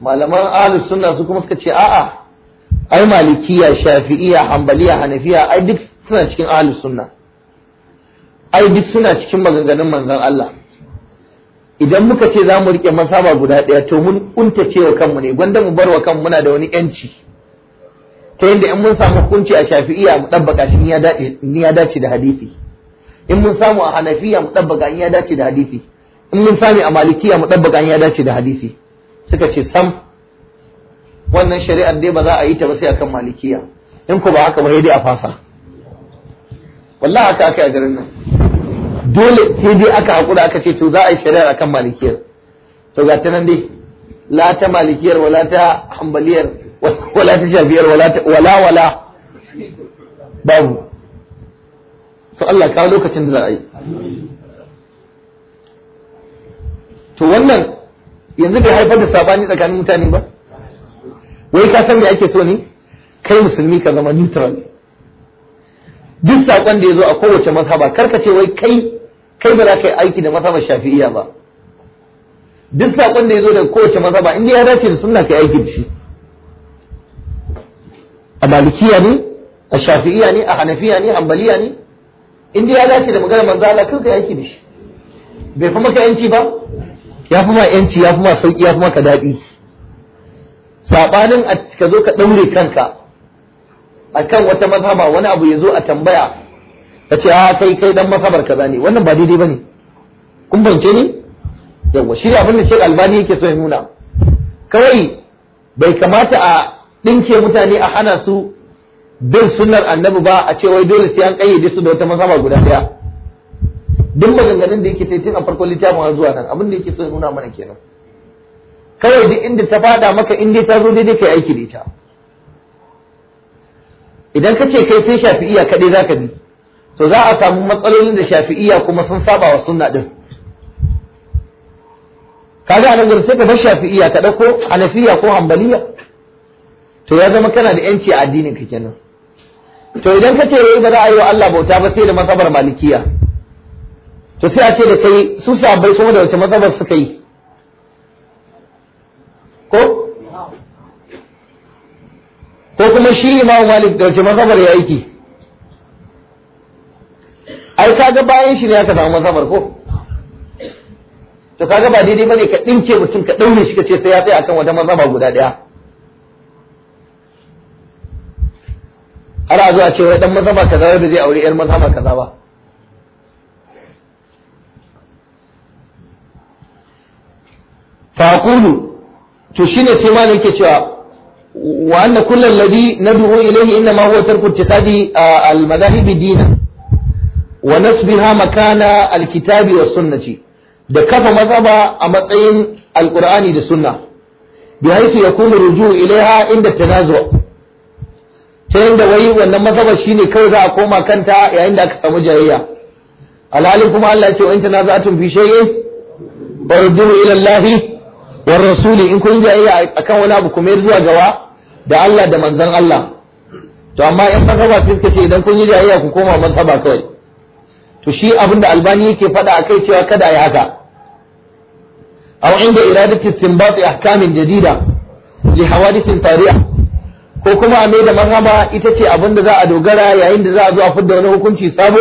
Speaker 1: malaman ahlus sunna su kuma suka ce a'a ai malikiya shafi'iya hanbaliya hanafiya ai duk suna cikin ahlus sunna ai duk suna cikin maganganun manzon Allah idan muka ce za mu rike masaba guda ɗaya to mun untace wa kanmu ne gwanda mu bar wa kanmu muna da wani yanci ta yadda in mun samu hukunci a shafi'iya mu ɗabbaka shi ni ya dace da hadisi in mun samu a hanafiya mu ɗabbaka ni ya dace da hadisi in mun sami a malikiya mu ɗabbaka ni ya dace da hadisi suka ce sam wannan shari'ar dai ba za a yi ta ba sai akan malikiya in ku ba haka ba dai a fasa wallahi haka aka yi a garin nan dole sai dai aka hakura aka ce to za a yi shari'ar akan malikiyar to ga ta nan dai la ta malikiyar wala ta hanbaliyar wala ta shafiyar wala wala babu to Allah ka lokacin da za a yi to wannan yanzu bai haifar da sabani tsakanin mutane ba wai ka san me ake so ne kai musulmi ka zama neutral duk sakon da ya zo a kowace mazhaba karka ce wai kai kai ba za ka yi aiki da mazhabar shafi'iyya ba duk sakon da ya zo daga kowace mazhaba inda ya dace da sunna ka yi aiki da shi a malikiya ne a shafi'iya ne a hanafiya ne hambaliya ne in dai ya dace da maganar manzo Allah kanka ya yake da shi bai fi maka yanci ba ya fi ma yanci ya fi ma sauki ya fi maka daɗi sabanin ka zo ka ɗaure kanka akan wata mazhaba wani abu ya zo a tambaya ka ce a kai kai dan mazhabar kaza ne wannan ba daidai bane kun bance ne yawa shi abin da Sheikh Albani yake so ya nuna kawai bai kamata a ɗinke mutane a hana su bin sunnar annabi ba a ce wai dole sai an kayyade su da wata mazhaba guda daya duk maganganun da yake tun a farkon littafin har zuwa nan abin da yake so nuna mana kenan kawai duk inda ta fada maka inda ta zo daidai kai aiki da ita idan ka ce kai sai shafi'iya kaɗai za ka bi to za a samu matsalolin da shafi'iya kuma sun saba wa sunna din kaga a gurin sai ka bar shafi'iya ka ɗauko hanafiya ko hambaliya to ya zama kana da yanci a addinin ka kenan to idan ka ce wai ba za a yi wa Allah bauta ba sai da masabar malikiya to sai a ce da kai su sabai kuma da wace masabar suka yi ko ko kuma shi imamu malik da wace masabar ya aiki ai kaga bayan shi ne aka samu masabar ko to kaga ba daidai bane ka dinke mutum ka daure shi ka ce sai ya tsaya akan wata mazhaba guda daya har a zo a ce wai dan mazhaba kaza wanda zai aure yar ma kaza ba faqulu to shine sai malam yake cewa wa anna kullu alladhi nad'u ilayhi inma huwa tarku ittiqadi al-madahib dinan wa nasbiha makana al-kitabi was sunnati da kafa mazhaba a matsayin alqur'ani da sunna bi haythu yakunu ruju'u ilayha inda tanazu' Sai da wai wannan mazhabar shine kawai za a koma kanta yayin da aka samu jayayya alhalin kuma Allah ya ce wa in tanaza'tum fi shay'in farudduhu ila Allah wa rasuli in kun jayayya akan wani abu kuma zuwa gawa da Allah da manzon Allah to amma in mazhaba sai suka ce idan kun yi jayayya ku koma mazhaba kawai to shi abin da albani yake faɗa akai cewa kada yi haka aw inda iradati istinbat ahkamin jadida li hawadith tariha ko kuma a da mazhaba ita ce abin da za a dogara yayin da za a zo a fidda wani hukunci sabo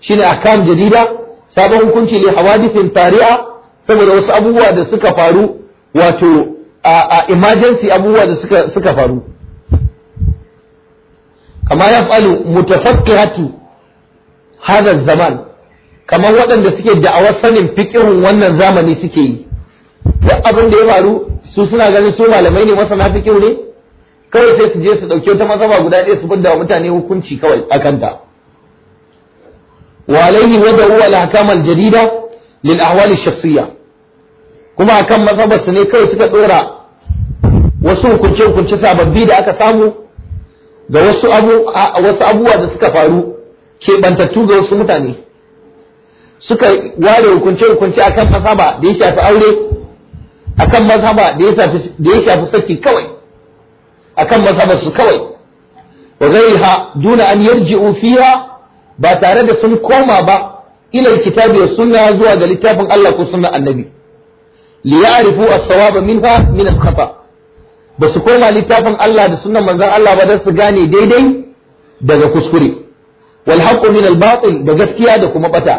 Speaker 1: Shi ne a kan jadida sabon hukunci ne a hawadithin tari'a saboda wasu abubuwa da suka faru wato a emergency abubuwa da suka suka faru kama mutafakki hatu hadha zaman kamar waɗanda suke a sanin fikirin wannan zamani suke yi abin da ya faru su suna ganin su malamai ne masana fiqihu ne kawai sai su je su ɗauki wata mazaba guda ɗaya su bada wa mutane hukunci kawai a kanta wa alaihi wada'u al jarida al-jadida lil kuma akan mazhabar su ne kawai suka ɗora wasu hukunce hukunce sababbi da aka samu ga wasu abu abubuwa da suka faru keɓantattu ga wasu mutane suka ware hukunce hukunce akan mazhaba da ya shafi aure akan mazhaba da da ya shafi saki kawai akan mazhabarsu kawai wa ghayriha duna an yarji'u fiha ba tare da sun koma ba ila kitabi wa sunna zuwa ga littafin Allah ko sunna annabi li ya'rifu as-sawaba minha min al-khata ba su koma littafin Allah da sunnan manzon Allah ba dan su gane daidai daga kuskure wal haqqu min al-batil da gaskiya da kuma bata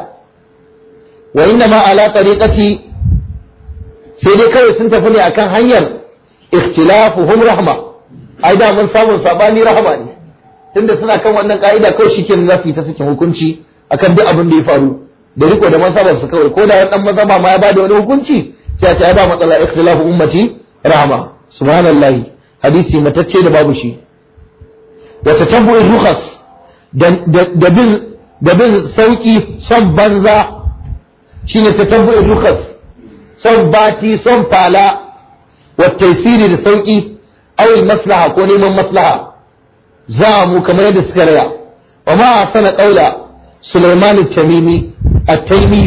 Speaker 1: wa inna ma ala tariqati sai dai kawai sun tafi ne akan hanyar ikhtilafuhum rahma ai da mun samun sabani rahama ne tunda suna kan wannan ka'ida kawai shikenan za su yi ta sakin hukunci akan duk abin da ya faru da riko da masabar su kawai ko da dan mazaba ma ya bada wani hukunci sai a ce ai ba matsala ikhtilafu ummati rahama Subhanallah, hadisi matacce da babu shi da tatabbu'ir rukhas da bin da bin sauki son banza shine tatabbu'ir rukhas son bati son fala wa taysiri da sauki awil maslaha ko neman maslaha za mu kamar yadda suka raya wa ma sana qaula Sulaiman tamimi at-Taymi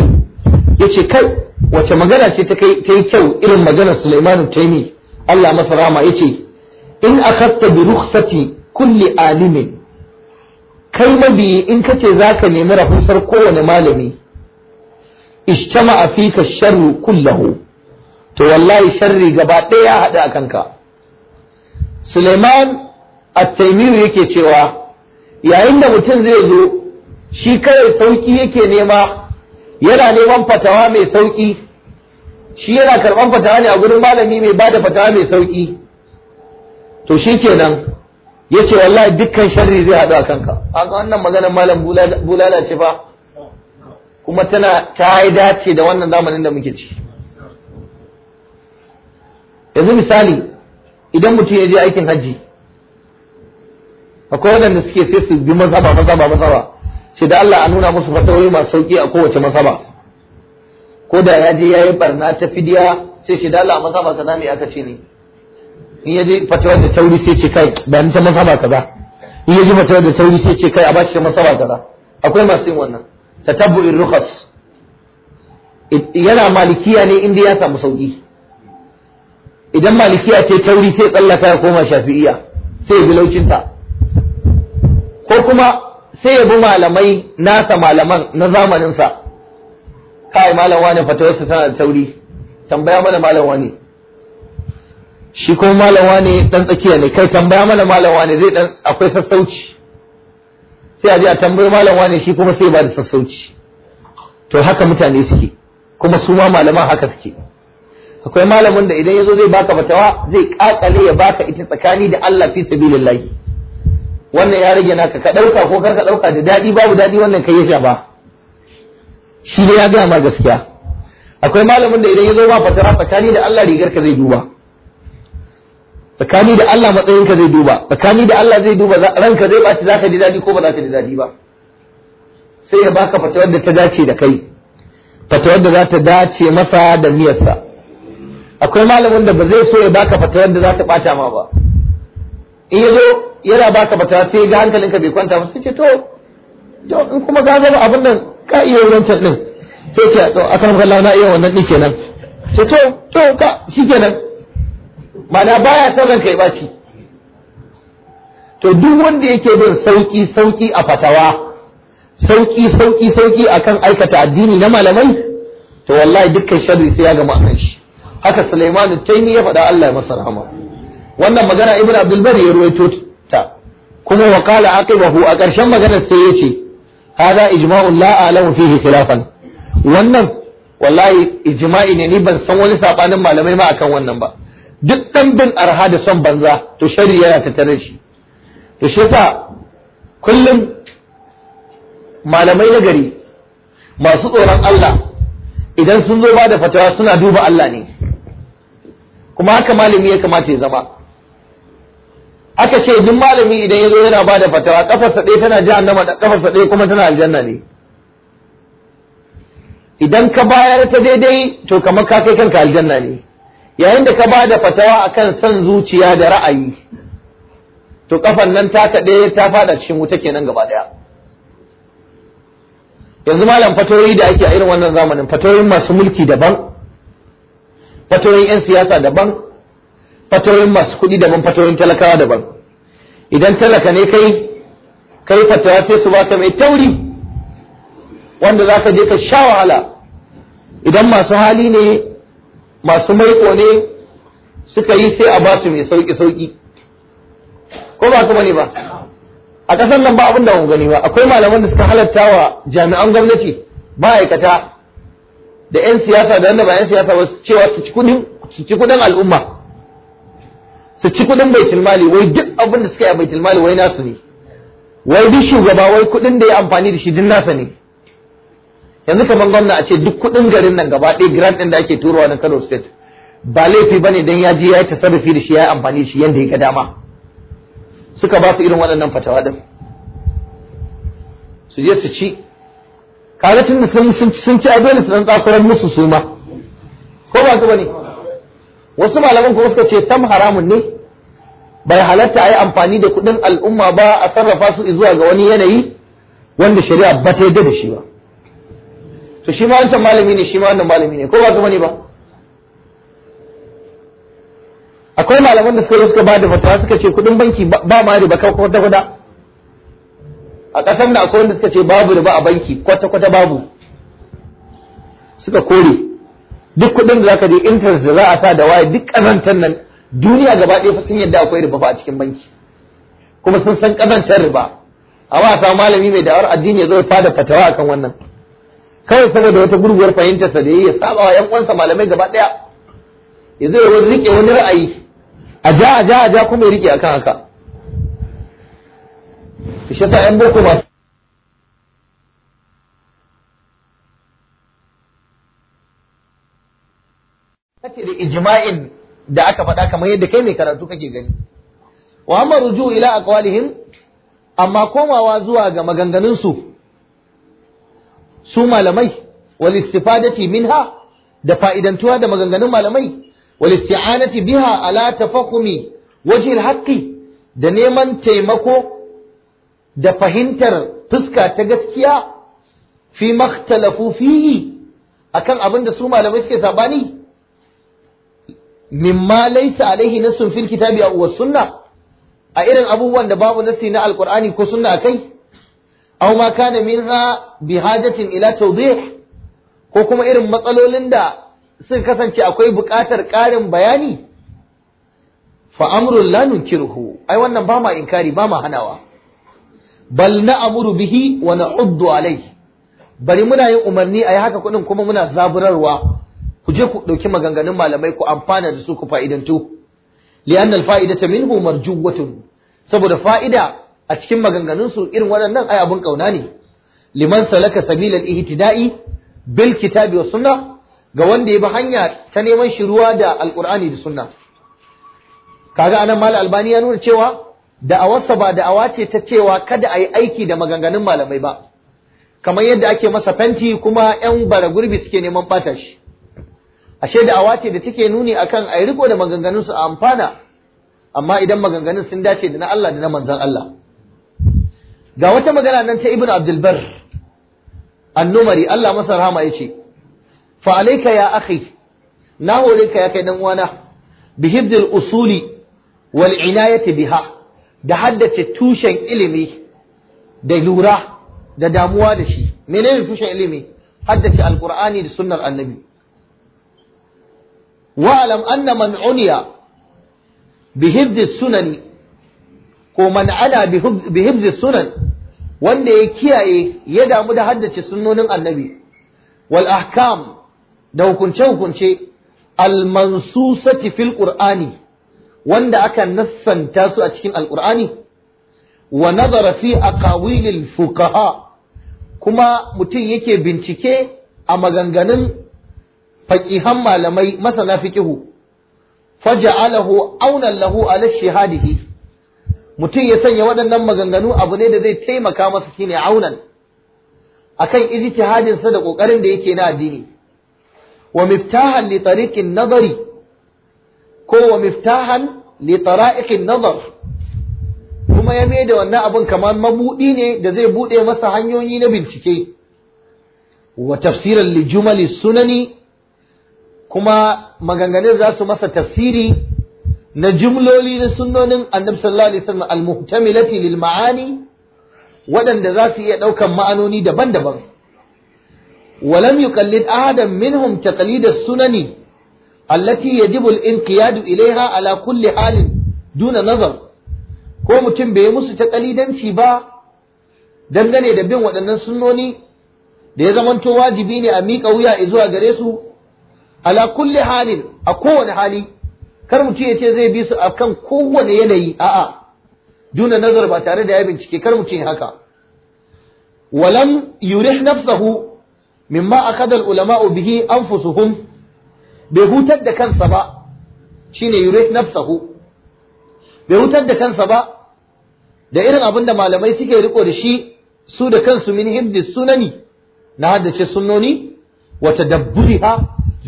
Speaker 1: yace kai wace magana ce ta kai kai kyau irin maganar Sulaiman at Allah masa rahama yace in akhadta bi rukhsati kulli alimin kai mabiyi in kace zaka nemi rahusar kowane malami ishtama fika sharru kullahu to wallahi sharri gaba ɗaya ya haɗu a kanka Suleiman Attaimiyu yake cewa yayin da mutum zai zo shi kawai sauki yake nema yana neman fatawa mai sauki shi yana karban fatawa ne a gurin malami mai bada fatawa mai sauki to shi ya yace wallahi dukkan sharri zai haɗu a kanka ga wannan maganar malam bulala ce fa kuma tana ta dace da wannan zamanin da muke ci yanzu misali idan mutum ya je aikin hajji akwai waɗanda suke sai su bi masaba masaba masaba sai da Allah a nuna musu fatawoyi masu sauki a kowace masaba ko da ya je yayi barna ta fidiya sai shi da Allah masaba kaza ne aka ce ne in ya je fatawar da tauri sai ce kai ba ni ta mazhaba kaza in ya je fatawar da tauri sai ce kai a bashi masaba mazhaba kaza akwai masu yin wannan tatabbu'ir rukhas yana malikiya ne inda ya samu sauki idan malikiya ce tauri sai tsallaka ya koma shafi'iya sai ya bi laucinta ko kuma sai ya bi malamai nasa malaman na zamaninsa kai malam wani fatawarsa tana da tauri tambaya mana malam wani shi ko malam wani dan tsakiya ne kai tambaya mana malam wani zai dan akwai sassauci sai a je a tambayi malam wani shi kuma sai ba da sassauci to haka mutane suke kuma su ma malaman haka suke akwai malamin da idan yazo zai baka fatawa zai kakale ya baka ita tsakani da Allah fi sabilillah wannan ya rage naka ka dauka ko kar ka dauka da dadi babu dadi wannan kai ya ba. shi ne ya gaya ma gaskiya akwai malamin da idan yazo ba fatawa tsakani da Allah rigar ka zai duba tsakani da Allah matsayin ka zai duba tsakani da Allah zai duba ranka zai baci zaka ji dadi ko ba zaka ji dadi ba sai ya baka fatawar da ta dace da kai fatawar da za ta dace masa da miyarsa akwai malamin da ba zai so ya baka fatawar da za ta bata ma ba in yazo zo yana baka fatawa sai ga hankalinka bai kwanta ba sai ce to in kuma ka zama abin nan ka iya wurin can din sai ce to akan kallon na iya wannan din kenan sai to to ka shikenan ma'ana baya son ranka ya baci to duk wanda yake bin sauki sauki a fatawa sauki sauki sauki akan aikata addini na malamai to wallahi dukkan sharri sai ya gama akan shi haka Sulaiman Taimi ya faɗa Allah ya masa rahama wannan magana Ibn Abdul Bari ya ruwaito ta kuma wa qala aqibahu a ƙarshen maganar sai ya ce hada ijma'un la a'lamu fihi khilafan wannan wallahi ijma'i ne ni ban san wani sabanin malamai ma akan wannan ba duk dan bin arha da son banza to shari yana tattare shi to shi yasa kullum malamai na gari masu tsoron Allah idan sun zo ba da fatawa suna duba Allah ne kuma haka malami ya kamata ya zama aka ce duk malami idan ya zo yana ba da fatawa kafarsa ɗaya tana jahannama da kafarsa ɗaya kuma tana aljanna ne idan ka bayar ta daidai to kamar ka kai kanka aljanna ne yayin da ka ba da fatawa akan son zuciya da ra'ayi to kafan nan taka ɗaya ta fada cikin wuta kenan gaba ɗaya yanzu malam fatoyi da ake a irin wannan zamanin fatoyin masu mulki daban fatoyin 'yan siyasa daban fatoyin masu kuɗi daban fatoyin talakawa daban idan talaka ne kai kai fatawa sai su baka mai tauri wanda za ka je ka sha wahala idan masu hali ne masu maiko ne suka yi sai a ba su mai sauki sauki. ko ba kuma ne ba a ƙasar nan ba abin da gani ba akwai malaman da suka halatta wa jami'an gwamnati ba aikata. da 'yan siyasa da wanda ba 'yan siyasa ba cewa su ci kudin al'umma su ci kudin baitul mali wai duk abin da suka yi a baitul mali wai nasu ne wai duk shugaba wai kudin da ya amfani da shi duk nasa ne yanzu kamar gwamna a ce duk kudin garin nan gaba ɗaya Grand ɗin da ake turowa na Kano state ba laifi bane dan ya je ya yi tasarrufi da shi ya yi amfani da shi yanda ya ga dama suka ba su irin waɗannan fatawa din su je su ci kaga tun da sun ci dole su dan tsakuran musu su ma ko ba ka bane wasu malaman ko suka ce sam haramun ne bai halatta ai amfani da kuɗin al'umma ba a sarrafa su zuwa ga wani yanayi wanda shari'a ba ta yadda da shi ba to shi ma wancan malami ne shi ma wannan malami ne ko ba ka ne ba akwai malaman da suka suka ba da fatawa suka ce kuɗin banki ba ma riba kwata kwata a ƙasar da akwai wanda suka ce babu riba a banki kwata-kwata babu suka kore duk kuɗin da zaka je interest da za a sa da waye duk ƙazantar nan duniya gaba ɗaya fa sun yadda akwai riba fa a cikin banki kuma sun san ƙazantar riba amma a samu malami mai da'awar addini ya zo ya fada fatawa akan wannan kawai saboda wata gurguwar fahimtar sa da ya saba wa ƴan uwansa malamai gaba ɗaya ya zo ya rike wani ra'ayi a ja a ja a ja kuma ya rike akan haka to shi yan boko ba kake da ijma'in da aka faɗa kamar yadda kai mai karatu kake gani wa amma ruju ila aqwalihim amma komawa zuwa ga maganganun su su malamai wal istifadati minha da fa'idantuwa da maganganun malamai wal isti'anati biha ala tafahumi wajhi al haqqi da neman taimako da fahimtar fuska ta gaskiya fi makhtalafu fihi akan abin da su malamai suke sabani mimma laysa alaihi nasun fil kitabi aw sunna a irin abubuwan da babu nasi na alqur'ani ko sunna akai aw ma kana minha bihajatin ila tawdih ko kuma irin matsalolin da sun kasance akwai buƙatar ƙarin bayani fa amrul la nunkiruhu ai wannan ba ma inkari ba ma hanawa bal amuru bihi wa na'uddu alai bari muna yin umarni a yi haka kuɗin kuma muna zaburarwa ku je ku ɗauki maganganun malamai ku amfana da su ku fa'idantu li'anna fa'ida ta minhu marjuwatun saboda fa'ida a cikin maganganun su irin waɗannan ai abun kauna ne liman salaka sabila al-ihtida'i bil kitabi was ga wanda ya bi hanya ta neman shiruwa da alqur'ani da sunna kaga anan mal albani ya nuna cewa da'awarsa ba da'awa ce ta cewa kada a yi aiki da maganganun malamai ba kamar yadda ake masa fenti kuma 'yan bara gurbi suke neman fata shi ashe da'awa ce da take nuni akan a yi riko da maganganunsu a amfana amma idan maganganun sun dace da na Allah da na manzan Allah ga wata magana nan ta Ibn Abdulbar bar annumari Allah masa rahama ya fa fa'alaika ya akhi na hore ka ya kai ɗan uwana bi usuli wal inayati biha da haddace tushen ilimi da lura da damuwa da shi menene tushen ilimi haddace alqur'ani da sunnar annabi wa'lam anna man uniya bi sunan ko man ala bi sunan wanda ya kiyaye ya damu da haddace sunnonin annabi wal ahkam da hukunce hukunce al mansusati fil qur'ani wanda aka nassanta su a cikin alkur'ani wa nazara fi aqawilil fuqaha kuma mutum yake bincike a maganganun faƙihan malamai masana fiqihu faja'alahu aunan lahu ala shihadihi mutum ya sanya waɗannan maganganu abu ne da zai taimaka masa shine aunan akan ijtihadin sa da ƙoƙarin da yake na addini wa miftahan li tariqin nazari ko wa miftahan li tara'iqin nazar kuma ya mai da wannan abin kamar mabudi ne da zai bude masa hanyoyi na bincike wa tafsirar li sunani kuma maganganun za su masa tafsiri na jumloli na sunnonin annabi sallallahu alaihi wasallam al-muhtamilati lil ma'ani waɗanda za su iya ɗaukan ma'anoni daban-daban walam yuqallid ahadan minhum taqlid as-sunani allati yajibu al-inqiyadu ilaiha ala kulli halin duna nazar ko mutum bai musu ta kalidanci ba dangane da bin waɗannan sunnoni da ya zamanto wajibi ne a miƙa wuya zuwa gare su ala kulli halin a kowane hali kar mutum ya ce zai bi su akan kowane yanayi a'a duna nazar ba tare da ya bincike kar mutum haka walam yurih nafsahu mimma akhadha al-ulama'u bihi anfusuhum bai hutar da kansa ba shine yurid nafsahu bai hutar da kansa ba da irin abin da malamai suke riko da shi su da kansu min hibdi sunani na haddace sunnoni dabburi ha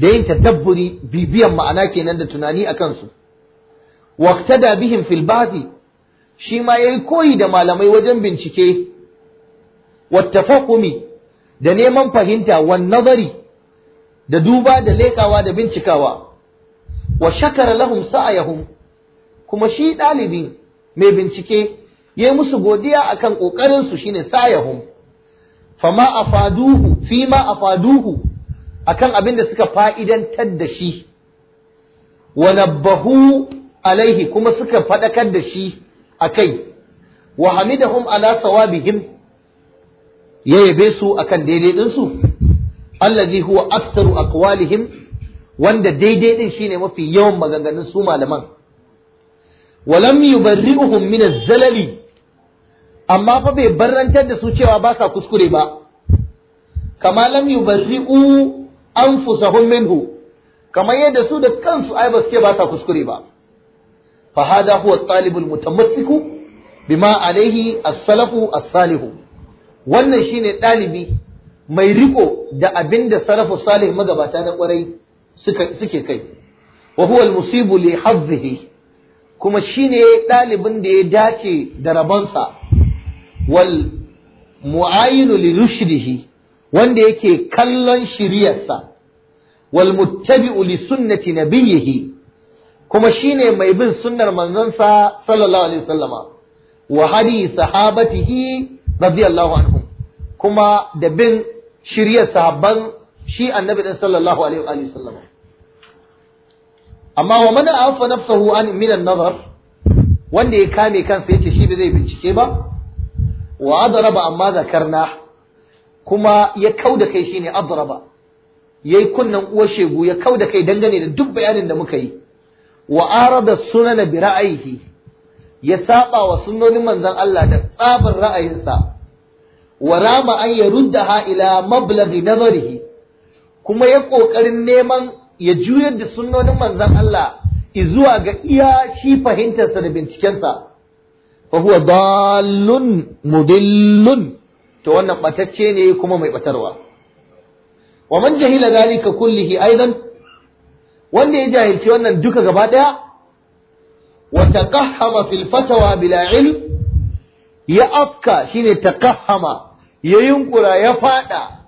Speaker 1: da yin tadabburi bibiyan ma'ana kenan da tunani a kansu waqtada bihim fil ba'di shi ma yayi koyi da malamai wajen bincike wa da neman fahimta wan nazari da duba da lekawa da bincikawa wa shakara lahum sa'ayahum kuma shi ɗalibi mai bincike yayi musu godiya akan ƙoƙarin su shine sa'ayahum fama afaduhu fima afaduhu akan abin da suka fa'idantar da shi wa nabbahu alaihi kuma suka faɗakar da shi akai wa hamidahum ala sawabihim ya yabe su akan daidai ɗinsu allazi huwa aktharu aqwalihim wanda daidai din shine mafi yawan maganganun su malaman lam yubarri'uhum min az-zalali amma fa bai barrantar da su cewa ba sa kuskure ba kama lam yubarri'u anfusahum minhu kamar yadda su da kansu ai ba suke ba sa kuskure ba fa hada huwa at-talibul mutamassiku bima alaihi as-salafu as-salihu wannan shine dalibi mai riko da abin da sarafu salih magabata na kwarai suke kai wa huwa al-musibu li hazzihi kuma shine dalibin da ya dace da rabonsa wal mu'ayinu li rushdihi wanda yake kallon shiriyarsa wal muttabi'u li sunnati nabiyhi kuma shine mai bin sunnar manzansa sallallahu alaihi wasallama wa hadi sahabatihi radiyallahu anhum kuma da bin shirya sabon shi annabi ɗin sallallahu alaihi wa sallam amma wa mana afa nafsahu an minan nazar wanda ya kame kansa ya ce shi ba zai bincike ba wa adaraba amma zakarna kuma ya kauda kai shine Ya yayi kunnan uwar shegu ya kauda kai dangane da duk bayanin da muka yi wa arada sunana bi ra'ayihi ya saba wa sunonin manzon Allah da tsabar ra'ayinsa wa da an yaruddaha ila mablaghi nazarihi kuma ya ƙoƙarin neman ya juyar da sunanin manzon Allah izuwa ga iya shi fahimtarsa da bincikensa fa huwa dallun mudillun to wannan batacce ne kuma mai batarwa wa man jahila dalika kullihi aidan wanda ya jahilci wannan duka gaba daya wa taqahhama fil fatawa bila ilm ya afka shine taqahhama ya yunkura ya fada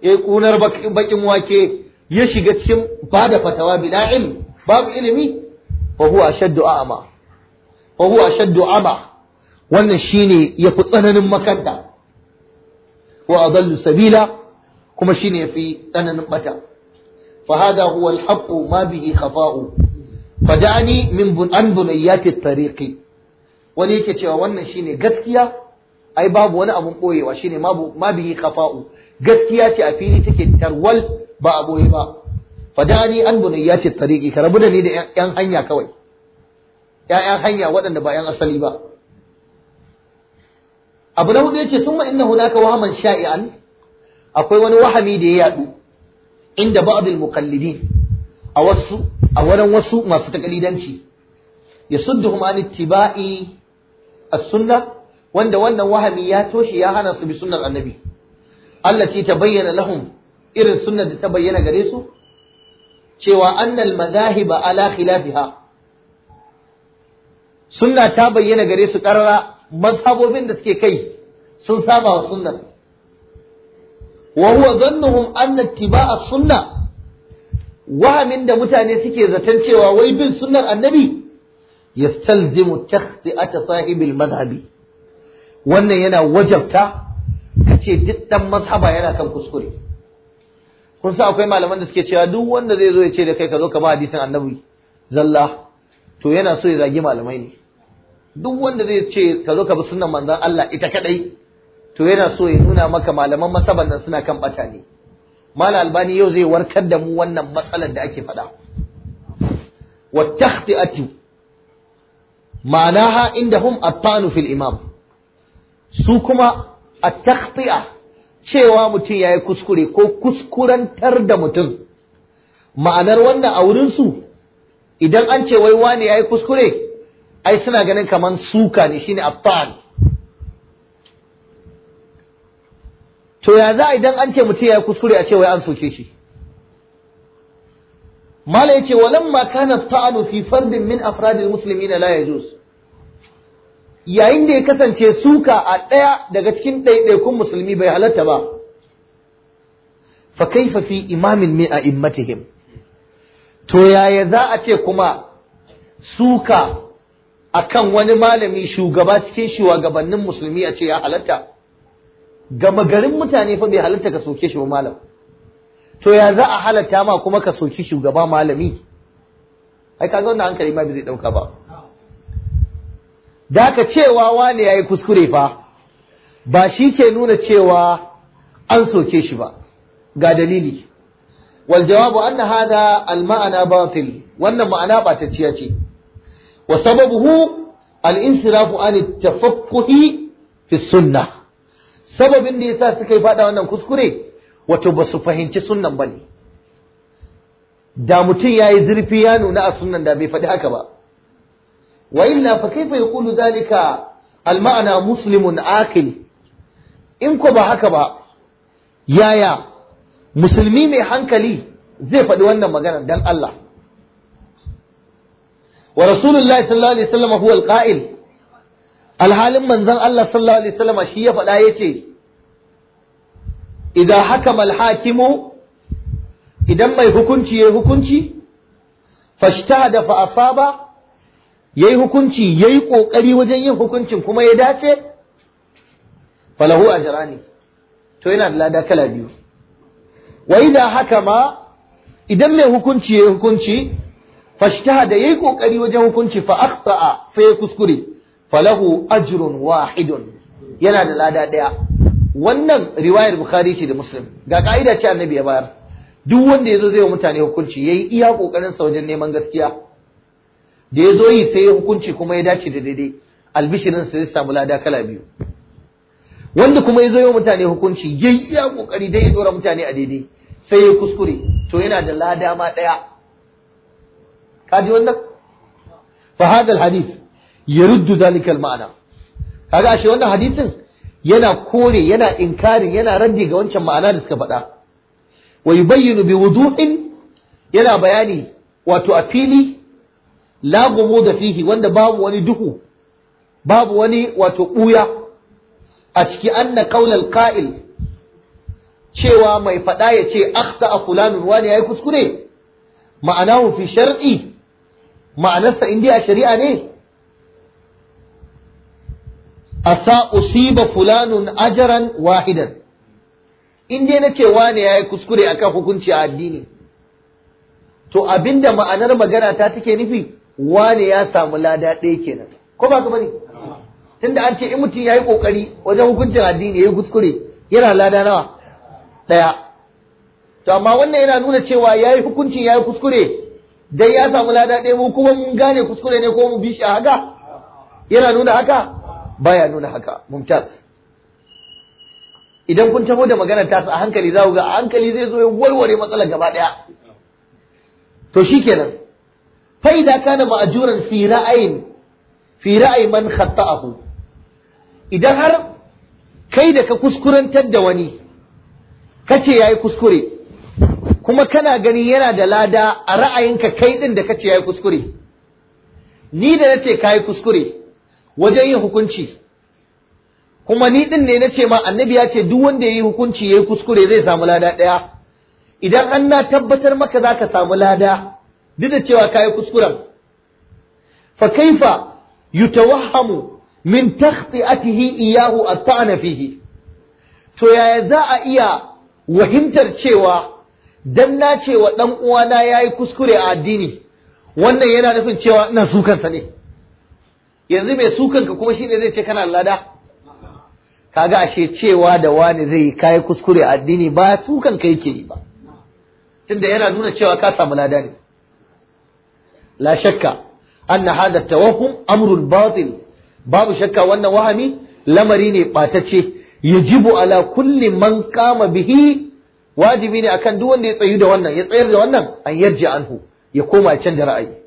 Speaker 1: ya kunar bakin wake ya shiga cikin bada fatawa bila ilm babu ilimi fa huwa ashaddu a'ma fa huwa ashaddu a'ma wannan shine yafi tsananin makanta wa adallu sabila kuma shine yafi tsananin bata fa hada huwa al ma bihi khafa'u fadani min an buniyati tariqi wani yake cewa wannan shine gaskiya ai babu wani abun koyewa shine mabu mabihi khafa'u gaskiya ce a fili take tarwal ba a boye ba fadani an bunayyati tariqi ka rabu da ni da yan hanya kawai ƴaƴan hanya waɗanda ba ƴan asali ba abu na hudu yace summa inna hunaka wahaman sha'i'an akwai wani wahami da ya yadu inda badul al-muqallidin a wasu a wurin wasu masu takalidanci yasudduhum an ittiba'i as-sunnah wanda wannan wahami ya toshe ya hana su bi sunnar annabi Allah ce ta bayyana lahum irin sunnar da ta bayyana gare su cewa annal madahiba ala khilafiha sunna ta bayyana gare su karara mazhabobin da suke kai sun saba wa sunnar wa huwa dhannuhum anna ittiba'a sunna wahamin da mutane suke zaton cewa wai bin sunnar annabi yastalzimu takhti'ata sahibil madhhabi wannan yana wajabta ka ce duk ɗan mazhaba yana kan kuskure kun sa akwai malaman da suke cewa duk wanda zai zo ya ce da kai ka zo ka ba hadisin annabi zalla to yana so ya zagi malamai ne duk wanda zai ce ka zo ka bi sunnan manzon Allah ita kadai to yana so ya nuna maka malaman masaban nan suna kan bata ne mala albani yau zai warkar da mu wannan matsalar da ake faɗa wa takhti'atu ma'anaha indahum at-tanu fil imam su kuma a takhti'a cewa mutum ya yi kuskure ko kuskurantar da mutum ma'anar wannan a wurinsu idan an ce wai wani ya yi kuskure ai suna ganin kamar suka ne shine ne. to ya za idan an ce mutum ya yi kuskure a ce wai an soke shi mala yace walamma kana ta'anu fi fardin min afradil muslimina la yajuz yayin da ya kasance suka a ɗaya daga cikin ɗaiɗaikun musulmi bai halatta ba fa kaifa fi imamin a immatihim to yaya za a ce kuma suka akan wani malami shugaba cikin shugabannin musulmi a ce ya halatta gama garin mutane fa bai halatta ka soke shi malam to ya za a halatta ma kuma ka soki shugaba malami ai kaga wannan hankali ma bai zai ɗauka ba da cewa wane ya yi kuskure fa ba shi ke nuna cewa an soke shi ba ga dalili wal jawabu anna hada al ma'ana batil wannan ma'ana batacciya ce wa sababuhu al insirafu an tafakkuhi fi sunnah sababin da yasa suka yi fada wannan kuskure wato ba su fahimci sunnan bane da mutum yayi zurfi ya nuna a sunnan da bai faɗi haka ba wa illa fa kulu yaqulu zalika al ma'ana muslimun aqil in ko ba haka ba yaya musulmi mai hankali zai faɗi wannan magana dan Allah wa rasulullahi sallallahu alaihi wasallam huwa al qa'il alhalin manzon Allah sallallahu alaihi wasallam shi ya faɗa yace haka hakama al hakimu idan mai hukunci ya hukunci fashtahada fa ba. yayi hukunci yayi kokari wajen yin hukuncin kuma ya dace falahu ajrani to yana da lada kala biyu wa idan haka ma idan mai hukunci yayi hukunci fashtahada yayi kokari wajen hukunci fa akhta'a fa ya kuskure falahu ajrun wahidun yana da lada daya wannan riwayar bukhari ce da muslim ga ka'ida ce annabi ya bayar duk wanda yazo zai wa mutane hukunci yayi iya kokarin sa wajen neman gaskiya da ya zo yi sai ya hukunci kuma ya dace da daidai albishirin sai ya samu lada kala biyu wanda kuma ya zo yi mutane hukunci ya yi iya kokari dai ya dora mutane a daidai sai ya kuskure to yana da lada ma ɗaya kaji wannan fa hada hadith yaruddu zalika al ma'ana kaga ashe wannan hadisin yana kore yana inkarin yana raddi ga wancan ma'ana da suka faɗa wa yubayyinu bi wudu'in yana bayani wato a fili la da fihi wanda babu wani duhu babu wani wato buya a ciki anna qaulal qa'il cewa mai fada ya ce akhta fulanun wani yayi kuskure ma'anahu fi shar'i ma'anarsa indiya a shari'a ne asa usiba fulanun ajaran wahidan in dai na cewa ne yayi kuskure akan hukunci a addini to abinda ma'anar magana ta take nufi wane ya samu lada ɗaya kenan ko ba ka bane tunda an ce in mutum ya yi kokari wajen hukuncin addini ya yi kuskure yana lada nawa ɗaya to amma wannan yana nuna cewa ya yi hukuncin ya yi kuskure dai ya samu lada ɗaya mu kuma mun gane kuskure ne ko mu bi shi a haka yana nuna haka baya nuna haka mumtaz idan kun taho da magana ta a hankali za ku ga a hankali zai zo ya warware matsalar gaba ɗaya to shi kenan. فإذا كان مأجورا في رأي في رأي من خطأه إذا هر كيدك كسكرا تدوني كتي يا كسكري kuma kana gani yana da lada a ra'ayinka kai din da kace yayi kuskure ni da nace kai kuskure wajen yin hukunci kuma ni din ne nace ma annabi ya ce duk wanda yayi hukunci yayi kuskure zai samu lada daya idan an na tabbatar maka zaka samu lada duk da cewa kayi kuskuren fa kaifa yutawahhamu min takhti'atihi iyahu at-ta'na fihi to yaya za a iya wahimtar cewa dan na ce wa dan uwana yayi kuskure a addini wannan yana nufin cewa ina sukan sa ne yanzu mai sukan ka kuma shine zai ce kana lada kaga ashe cewa da wani zai kai kuskure a addini ba sukan ka yake yi ba tunda yana nuna cewa ka samu lada ne la shakka anna hada tawahum Amrul batil babu shakka wannan wahami lamari ne Ya yajibu ala kulli man kama bihi wajibi ne akan duk wanda ya tsayu da ya tsayar da wannan an yarji anhu ya koma ya canja ra'ayi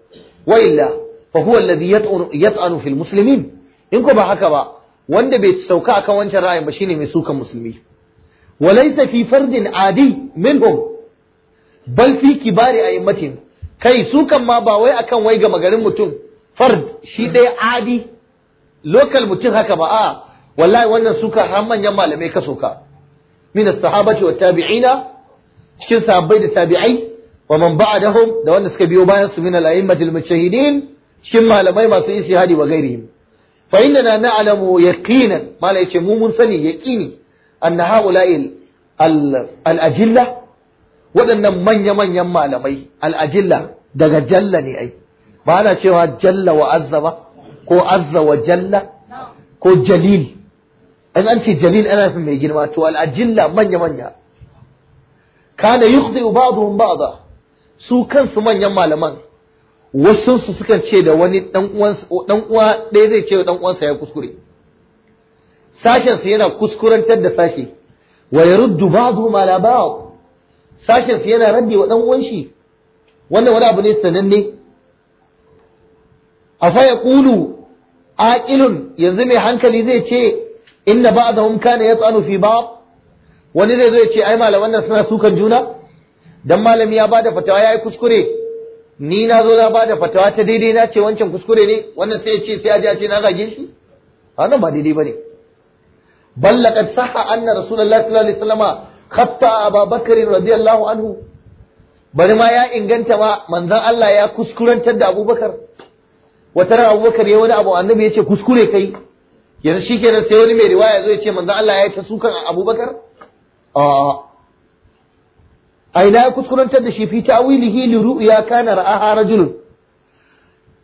Speaker 1: wa illa fa huwa alladhi yat'anu fil muslimin in ko ba haka ba wanda bai sauka akan wancan ra'ayin ba shine mai sukan musulmi وليس في فرد عادي منهم بل في كبار أئمتهم kai su kan ma ba wai akan wai gama garin mutum fard shi dai adi lokal mutum haka ba a wallahi wannan suka har manyan malamai ka soka min as-sahabati wa tabi'ina cikin sahabbai da tabi'ai wa man ba'dahum da wanda suka biyo bayan su min al-a'immatil mujtahidin cikin malamai masu shahadi wa ghairihim fa innana na'lamu yaqinan malai ce mu mun sani yaqini anna ha'ula'i al-ajilla waɗannan manya-manyan malamai al'ajilla daga jalla ne ai ba ana cewa jalla wa azza ba ko azza wa jalla ko jalil in an ce jalil ana nufin mai girma to al'ajilla manya-manya kana yukhdi ba'dhum ba'dha su kansu manyan malaman wasu su sukan ce da wani dan uwa ɗaya zai ce dan uwansa ya kuskure sashen su yana kuskurantar da sashe wa yaruddu ba ala ba'd sashen su yana raddi wa dan uwan shi wannan wani abu ne sananne afa Kulu aqilun yanzu mai hankali zai ce inna ba'dahum kana yat'anu fi ba'd wani zai zo ya ce ai malaman nan suna sukan juna dan malami ya bada fatawa yayi kuskure ni na zo na bada fatawa ta daidai na ce wancan kuskure ne wannan sai ya ce sai aje a ce na zage shi a nan ba daidai bane balla sahha anna rasulullahi sallallahu alaihi wasallama hatta Aba radiyallahu anhu bari ma ya inganta ma manzan Allah ya kuskurantar da Abubakar wata ran Abubakar ya wani abu annabi ce kuskure kai yanzu shi shikenan sai wani mai riwaya zai ce manzan Allah ya yi ta sukan Abubakar a aina ya kuskurantar da shi fi ta'wilihi li ru'ya kana ra'aha rajulun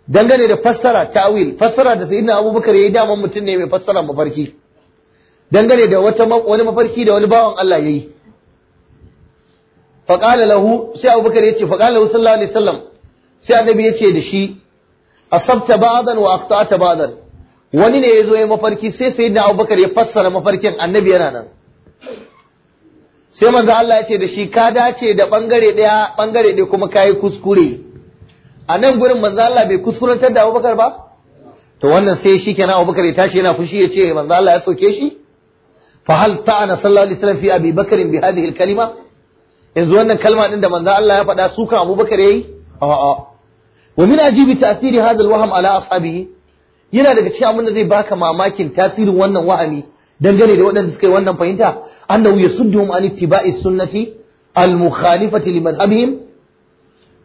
Speaker 1: dangane da fassara ta'wil fassara da sayyidina Abubakar yayi daman mutum ne mai fassara mafarki dangane da wata wani mafarki da wani bawan Allah yayi faƙala lahu sai abubakar ya ce faƙala lahu sallallahu alaihi wasallam sai annabi ya ce da shi asabta ba'dan wa aqta'ta ba'dan wani ne ya zo ya mafarki sai abu abubakar ya fassara mafarkin annabi yana nan sai manzo Allah ya ce da shi ka dace da bangare daya bangare ɗaya kuma kai kuskure a nan gurin manzo Allah bai kuskurantar da abubakar ba to wannan sai shi kenan abubakar ya tashi yana fushi ya ce manzo Allah ya soke shi fa hal ta'ana sallallahu alaihi wasallam fi abi bi hadhihi al-kalima yanzu wannan kalma din da manzo Allah ya faɗa su kan Abubakar yayi a'a wa min ajibi ta'siri hadha waham ala ashabihi yana daga cikin abin da zai baka mamakin tasirin wannan wahami dangane da waɗanda suka yi wannan fahimta annahu yasudduhum an ittiba'i sunnati al-mukhalifati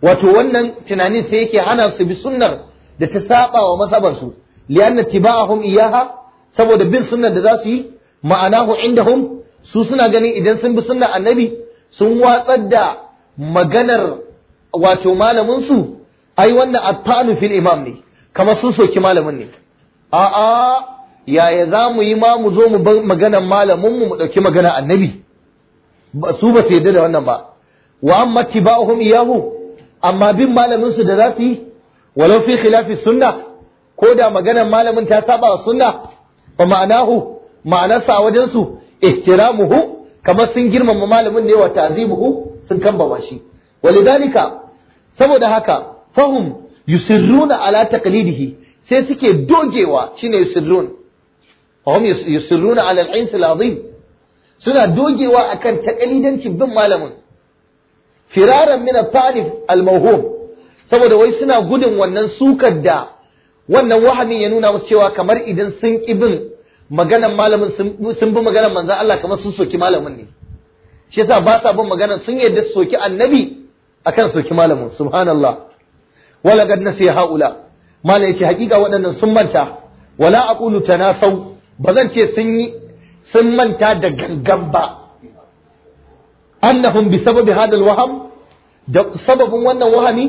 Speaker 1: wato wannan tunanin sai yake hana su bi sunnar da ta saba wa mazhabar su li'anna ittiba'ahum iyaha saboda bin sunnar da za su yi ma'anahu indahum su suna ganin idan sun bi sunnar annabi sun watsar da maganar wato malaminsu su ai wannan attanu fil imam ne kamar sun soki malamin ne a'a yaya za mu yi ma mu zo mu bar maganar malaminmu mu ɗauki magana annabi su ba su yarda da wannan ba wa amma tiba'uhum iyahu amma bin malaminsu da za su yi walau fi khilafi sunna ko da maganar malamin ta saba sunna fa ma'anahu ma'anarsa wajen su ihtiramuhu kamar sun girmama malamin ne ta ta'zibuhu sun kambama shi walidalika saboda haka fahum yusirruna ala taqlidihi sai suke dogewa ne yusirrun fahum yusirruna ala al-ins suna dogewa akan taqlidancin bin malamin firaran min al-talib al-mawhum saboda wai suna gudun wannan sukar da wannan wahamin ya nuna musu cewa kamar idan sun ƙi bin maganan malamin sun bi maganan manzan Allah kamar sun soki malamin ne shi yasa ba sa bin maganan sun yarda su soki annabi akan soki malamin subhanallah wala gad nasi haula mala yace hakika waɗannan sun manta wala aqulu tanasau ba zan ce sun yi sun manta da gangan ba annahum bi sababi hadal waham da sababin wannan wahami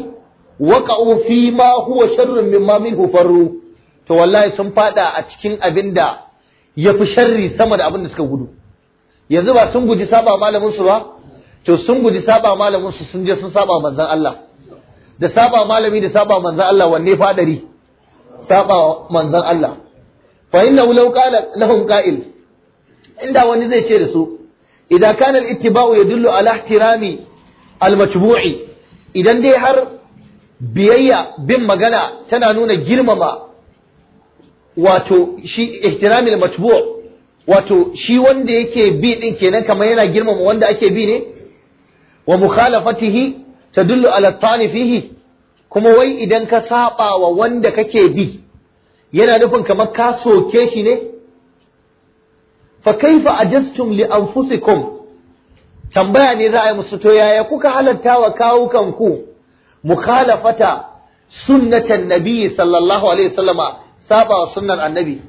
Speaker 1: waqa'u fi ma huwa sharrun mimma minhu farru to wallahi sun fada a cikin abinda ya fi sharri sama da abin da suka gudu yanzu ba sun guji saba malaminsu ba to sun guji saba malaminsu, sun je sun saba manzan Allah da saba malami da saba manzan Allah wanne fadari saba manzan Allah fa inna law qala lahum qa'il inda wani zai ce da su idan kana al-ittiba'u yadullu ala ihtirami al-matbu'i idan dai har biyayya bin magana tana nuna girmama wato shi ihtiramil matbu' wato shi wanda yake bi din kenan kamar yana girmama wanda ake bi ne wa mukhalafatihi tadullu ala tani fihi kuma wai idan ka saba wa wanda kake bi yana nufin kamar ka soke shi ne fa kaifa ajastum li anfusikum tambaya ne za a yi musu to yaya kuka halatta wa ku mukhalafata sunnatan nabiyyi sallallahu alaihi wasallama saba wa sunnar annabi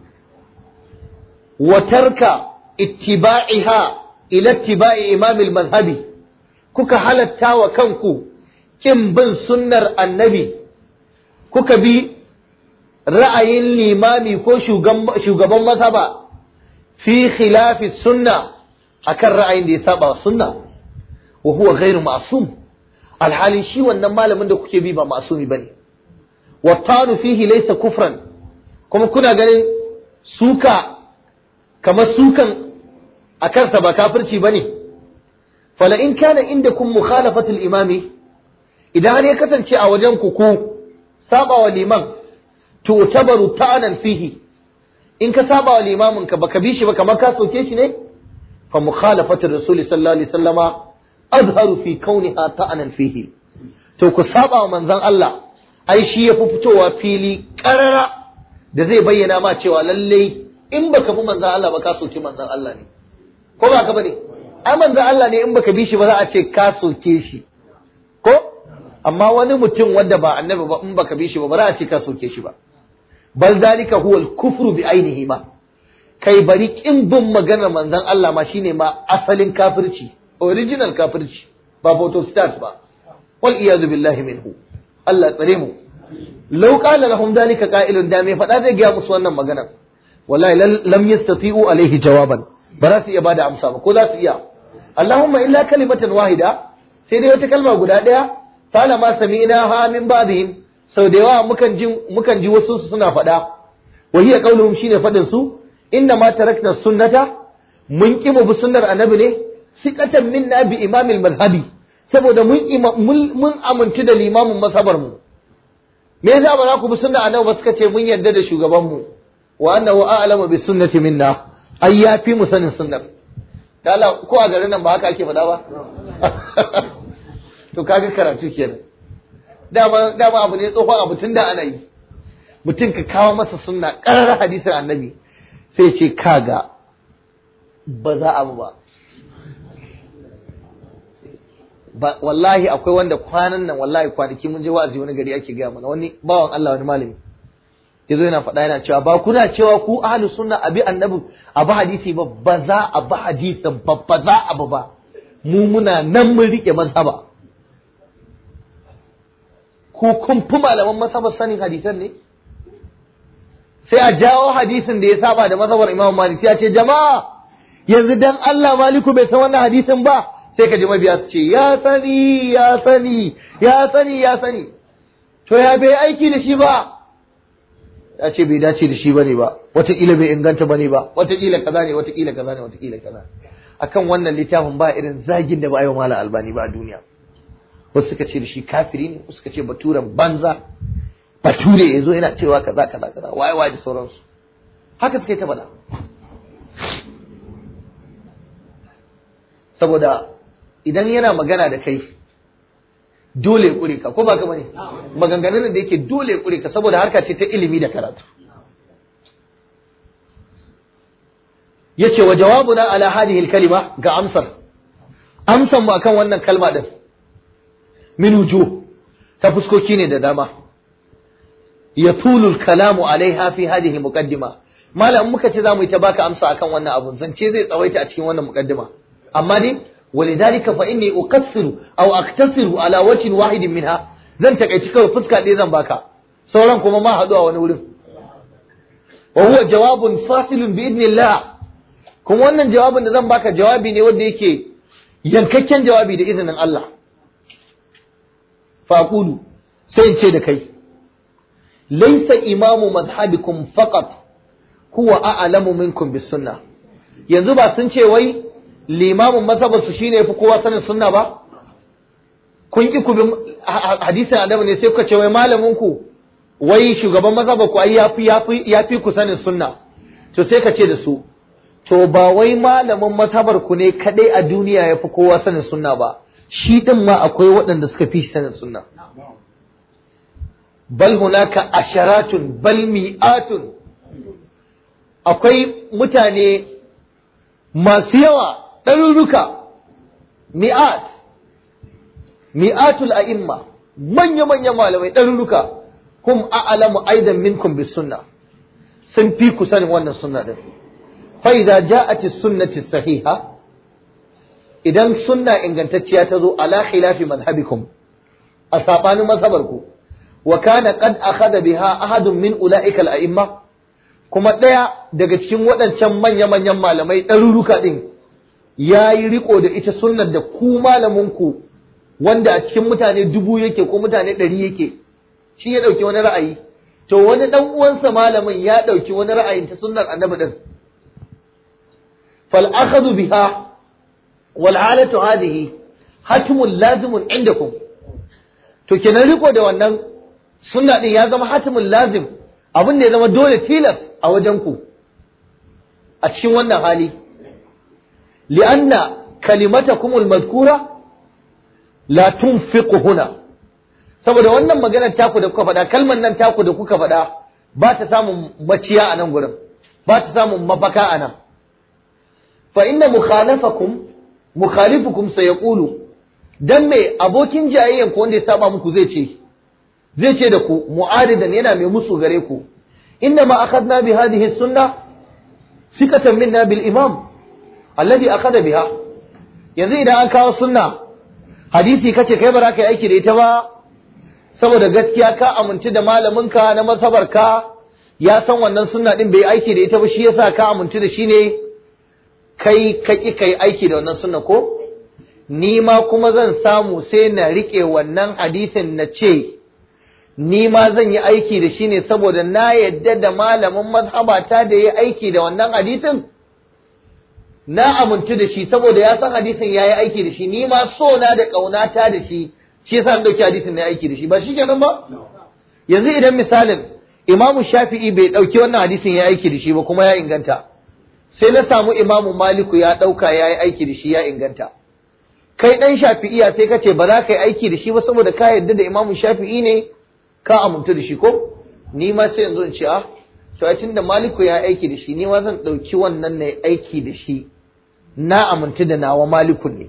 Speaker 1: wa tarka ittiba'iha ila ittiba'i imam al-madhhabi kuka halatta wa kanku kin bin sunnar annabi kuka bi ra'ayin limami ko shugaban mazhaba fi khilafi sunna akan ra'ayin da ya saba wa sunna wa huwa ghairu ma'sum alhalin shi wannan malamin da kuke bi ba ma'sumi bane wa tanu fihi laysa kufran kuma kuna ganin suka kamar sukan a kansa ba kafirci ba ne fala in kana inda kun mukhalafatul imami idan an ya kasance a wajen ku ku saba wa liman to tabaru ta'anan fihi in ka saba wa limamin ka baka bi shi ba kamar ka soke shi ne fa mukhalafatul rasul sallallahu alaihi wasallama azharu fi kauniha ta'anan fihi to ku saba wa manzon Allah ai shi ya fi fitowa fili karara da zai bayyana ma cewa lallai in baka bi manzon Allah ba ka soke manzon Allah ne ko ba ka bane ai manzon Allah ne in baka bi shi ba za a ce ka soke shi ko amma wani mutum wanda ba annabi ba in baka bi shi ba ba za a ce ka soke shi ba bal dalika huwa al-kufru bi ainihi ma kai bari kin bin maganar manzon Allah ma shine ma asalin kafirci original kafirci ba photo stars ba wal iyad billahi minhu Allah tsare mu law qala lahum dalika qa'ilun da mai faɗa zai gaya musu wannan magana wallahi lam yastati'u alayhi jawaban ba za su iya bada amsa ba ko za su iya Allahumma illa kalimatan wahida sai dai wata kalma guda ɗaya fala ma sami'na ha min ba'dihim sau da yawa mukan ji mukan ji wasu su suna faɗa wa hiya qauluhum shine faɗin su inna ma tarakna sunnata mun ki bi sunnar annabi ne siqatan minna bi imamil madhhabi saboda mun mun amintu da limamin masabar mu me yasa ba za ku bi sunna annabi ba suka ce mun yarda da shugaban mu wa annahu a'lamu bi sunnati minna ai ya fi mu sanin sunnar da Allah ko a garin nan ba haka ake faɗa ba [LAUGHS] to kaga karatu kenan dama dama abu ne tsohon abu tunda ana yi mutum ka kawo masa sunna ƙarar hadisin annabi sai ce kaga ba za a ba wallahi akwai wanda kwanan nan wallahi kwanaki mun je wa'azi wani gari ake gaya mana wani bawan Allah wani malami ya yana faɗa yana cewa ba kuna cewa ku ahlus sunna abi annabi abu hadisi ba ba za a ba hadisi ba ba za a ba mu muna nan mun rike mazhaba ko kun fi malaman mazhabar sanin hadisan ne sai a jawo hadisin da ya saba da mazhabar Imam Malik ya ce jama'a yanzu dan Allah Maliku bai san wannan hadisin ba sai ka ji mabiya su ce ya sani ya sani ya sani ya sani to ya bai aiki da shi ba ya ce bai dace da shi ne ba wataƙila bai inganta ne ba wataƙila kaza ne wataƙila kaza ne wataƙila kaza akan wannan littafin ba irin zagin da ba yi wa albani ba a duniya wasu suka ce da shi kafiri ne wasu suka ce baturen banza bature ya zo yana cewa kaza kaza kaza waye waye da sauransu haka suka yi ta bada saboda idan yana magana da kai dole ya kure ka ko ba ka bane maganganun da yake dole ya kure ka saboda harka ce ta ilimi da karatu yace wa jawabuna ala hadhihi alkalima ga amsar amsan mu akan wannan kalma din min wujuh ta fuskoki ne da dama yatulu alkalamu alaiha fi hadhihi muqaddima malam muka ce zamu yi ta baka amsa akan wannan abun zance zai tsawaita a cikin wannan muqaddima amma dai ولذلك فإني أقصر أو أقتصر على وجه واحد منها zan takaici kawai fuska ɗaya zan baka sauran kuma ma haɗu a wani wurin wa jawabun fasilun bi idnillah kuma wannan jawabin da zan baka jawabi ne wanda yake yankaken jawabi da izinin Allah faqulu sai in ce da kai laysa imamu madhhabikum faqat huwa a'lamu minkum bis sunnah yanzu ba sun ce wai limamin mazhabar su shine fi kowa sanin sunna ba kun ki kubin hadisin ne sai kuka ce wai malaminku wai shugaban mazhabar ku ai yafi yafi ku sanin sunna to sai ka ce da su to ba wai malamin mazhabar ne kaɗai a duniya ya fi kowa sanin sunna ba shi din ma akwai waɗanda suka fi sanin sunna bal hunaka asharatun bal mi'atun akwai mutane masu yawa ɗarurruka mi'at mi'atul a'imma manya-manyan malamai ɗarurruka hum a'lamu aidan minkum bis sunna sun fi ku sanin wannan sunna din fa idza ja'ati sunnati sahiha idan sunna ingantacciya ta zo ala khilafi madhhabikum a sabanin mazhabarku wa kana qad akhadha biha ahadun min ulaika al-a'imma kuma daya daga cikin waɗancan manya-manyan malamai ɗaruruka din ya yi riko da ita sunan da ku malaminku wanda a cikin mutane dubu yake ko mutane ɗari yake shi ya ɗauki wani ra'ayi to wani ɗan uwansa malamin ya ɗauki wani ra'ayin ta sunnar annabi ɗin fal akhadhu biha wal alatu hadhihi hatmun lazimun indakum to kenan riko da wannan sunna din ya zama hatmun lazim abin da ya zama dole tilas a wajen ku a cikin wannan hali لأن كلمتكم المذكورة لا تنفق هنا saboda wannan maganar taku da kuka faɗa kalmar nan taku da kuka faɗa ba ta samun maciya a nan gurin ba ta samun mafaka a nan fa inna mukhalafakum mukhalifukum sayaqulu dan me abokin jayayyan ku wanda ya saba muku zai ce zai ce da ku mu'adidan yana mai musu gare ku inna ma akhadna bi hadhihi sunna sikatan minna bil imam alladhi kada biha yanzu idan an kawo sunna hadisi kace kai ba za aiki da ita ba saboda gaskiya ka aminci da ka na ka ya san wannan sunna din bai aiki da ita ba shi yasa ka amince da shi ne kai ka ki kai aiki da wannan sunna ko ni ma kuma zan samu sai na rike wannan hadisin na ce ni ma zan yi aiki da shi ne saboda na yadda da malamin mazhabata da ya aiki da wannan hadisin na amintu da shi saboda ya san hadisin yi aiki da shi ni ma so na da ƙaunata da shi shi yasa an ɗauki hadisin na aiki da shi ba shi kenan ba yanzu idan misalin imamu shafi'i bai ɗauki wannan hadisin ya aiki da shi ba kuma ya inganta sai na samu imamu maliku ya ɗauka ya yi aiki da shi ya inganta kai ɗan shafi'iya sai ka ce ba za ka yi aiki da shi ba saboda ka yarda da imamu shafi'i ne ka amintu da shi ko ni ma sai yanzu in ce a? Ah, to da maliku ya aiki da shi ni ma zan ɗauki wannan na aiki da shi na amince da nawa malikun ne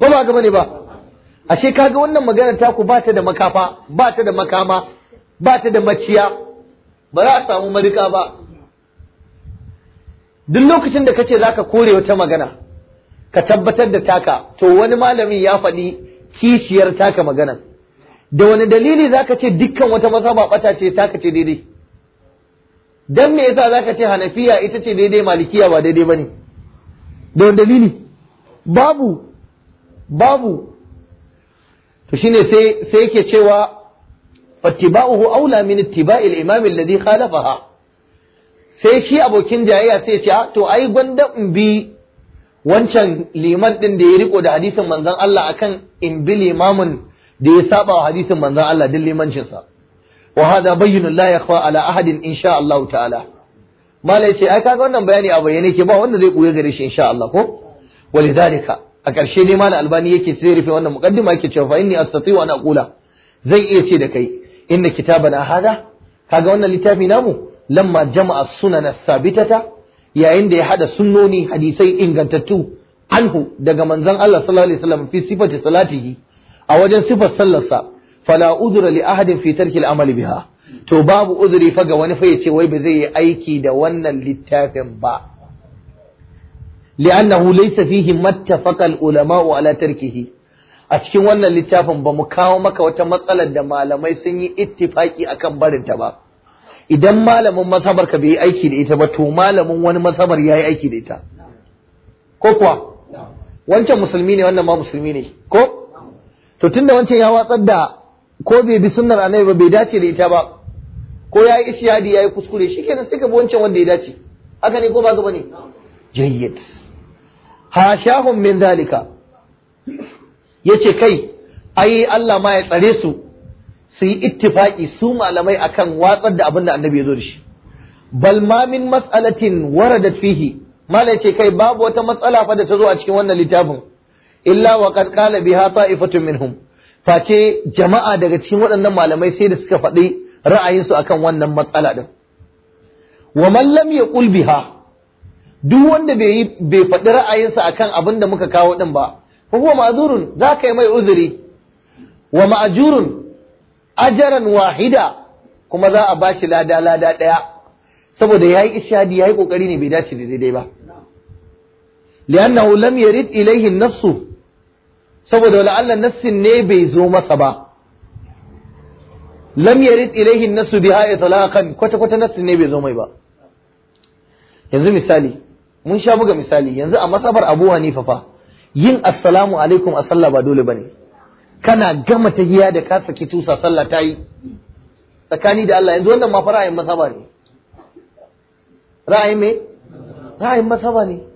Speaker 1: ba ba gaba ne ba ashe kaga wannan magana ta ku ba ta da makafa ba ta da makama ba ta da maciya ba za a samu marika ba duk lokacin da ka ce za ka kore wata magana ka tabbatar da taka to wani malamin ya faɗi kishiyar taka magana da wani dalili zaka ce dukkan wata ba bata ce taka ce daidai dan me yasa zaka ce hanafiya ita ce daidai malikiya ba daidai bane da dalili babu babu to shine sai sai yake cewa fattiba'uhu aula min ittiba'i al-imam alladhi khalafaha sai shi abokin jayayya sai ce to ai gwanda in bi wancan liman din da ya riko da hadisin manzon Allah akan in bi limamin da ya saba wa hadisin manzon Allah din limancin sa wa hada bayyinun la yakhfa ala ahadin insha Allah ta'ala malai ce ai kaga wannan bayani a bayyane ke ba wanda zai buye gare shi insha Allah ko walidalika a ƙarshe ne malam albani yake sai rufe wannan muqaddima yake cewa fa inni astati'u an aqula zai iya ce da kai inna kitabana hada kaga wannan littafi namu lamma jama'a sunana sabitata yayin da ya hada sunnoni hadisai ingantattu anhu daga manzon Allah sallallahu alaihi wasallam fi sifati salatihi a wajen sifar sallarsa fala udra li ahadin fi tarki al-amali biha to babu uzuri fa ga wani fa ya ce wai ba zai yi aiki da wannan littafin ba li'annahu laysa fihi mattafaqa al-ulama'u ala tarkihi a cikin wannan littafin ba mu kawo maka wata matsalar da malamai sun yi ittifaki akan barinta ba idan malamin masabar ka bai yi aiki da ita ba to malamin wani masabar ya yi aiki da ita ko kuwa wancan musulmi ne wannan ma musulmi ne ko to tunda wancan ya watsar da ko bai bi sunnar annabi ba bai dace da ita ba ko ya yi isyadi ya yi kuskure shi kenan sai ka bi wancan wanda ya dace haka ne ko ba gaba ne jayyid hashahum min dalika yace kai ai Allah ma ya tsare su su yi ittifaki su malamai akan watsar da abin da annabi ya zo da shi bal ma min mas'alatin waradat fihi malai ce kai babu wata matsala fa da ta zo a cikin wannan littafin illa wa qad qala biha ta'ifatun minhum face jama'a daga cikin waɗannan malamai sai da suka faɗi ra'ayinsu akan wannan matsala ɗin. wa mallam ya ƙulbi ha, duk wanda bai bai faɗi ra'ayinsa akan abin da muka kawo ɗin ba fa huwa ma'zurun za ka yi mai uzuri wa ma'ajurun ajaran wahida kuma za a bashi lada lada ɗaya saboda ya yi ishadi ya yi ƙoƙari ne bai dace da daidai ba li'annahu lam yarid ilayhi nassu saboda wala Allah nassin ne bai zo masa ba lam yarid ilaihi nasu biha itlaqan kwata kwata nassin ne bai zo mai ba yanzu misali mun sha buga misali yanzu a masabar Abu Hanifa fa yin assalamu alaikum a sallah ba dole bane kana gama tahiya da ka saki tusa sallah tayi tsakani da Allah yanzu wannan ma fa ra'ayin masaba ne ra'ayin me ra'ayin masaba ne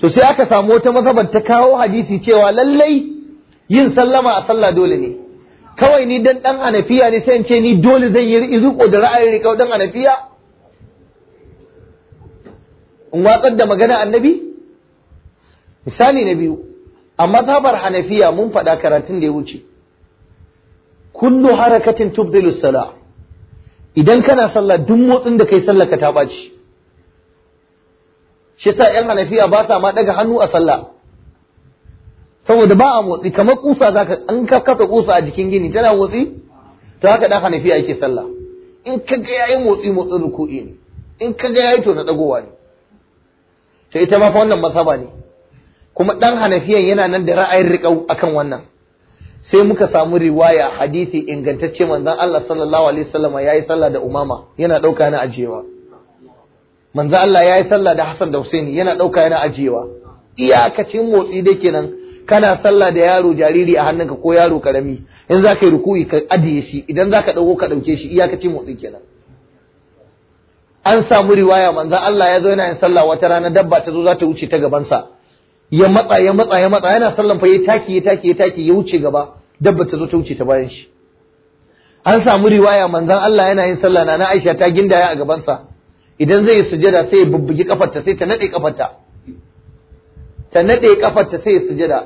Speaker 1: to sai aka samu wata mazhabar ta kawo hadisi cewa lallai yin sallama a sallah dole ne kawai ni dan dan anafiya ne sai in ce ni dole zan yi riko da ra'ayin kawai dan anafiya in watsar da magana annabi misali na biyu a mazhabar hanafiya mun faɗa karatun da ya wuce kullu harakatin tubdilu sala idan kana sallah duk motsin da kai sallah ka ta ɓaci shi sa yan hanafiya ba sa ma daga hannu a sallah saboda ba a motsi kamar kusa ka an kafa kusa a jikin gini tana motsi to haka dan hanafiya yake sallah in ka ya yayi motsi motsin ruku'i ne in ka ga yayi to na dagowa ne to ita ma fa wannan masaba ne kuma ɗan hanafiyan yana nan da ra'ayin riƙau akan wannan sai muka samu riwaya hadisi ingantacce manzon Allah sallallahu alaihi wasallam yayi sallah da umama yana ɗauka na ajewa manzo Allah ya yi sallah da Hassan da Husaini yana ɗauka yana ajiyewa iyakacin motsi dai kenan kana sallah da yaro jariri a hannunka ko yaro karami in za ka yi ruku'i ka ajiye shi idan za ka ɗauko ka ɗauke shi iyakacin motsi kenan an samu riwaya manzo Allah ya zo yana yin sallah wata rana dabba ta zo za ta wuce ta gabansa ya matsa ya matsa ya matsa yana sallan fa ya taki ya taki ya taki ya wuce gaba dabba ta zo ta wuce ta bayan shi an samu riwaya Manzan Allah yana yin sallah na Aisha ta gindaya a gabansa idan zai sujada sai ya bubbugi kafarta sai ta nade kafarta ta nade kafarta sai ya sujada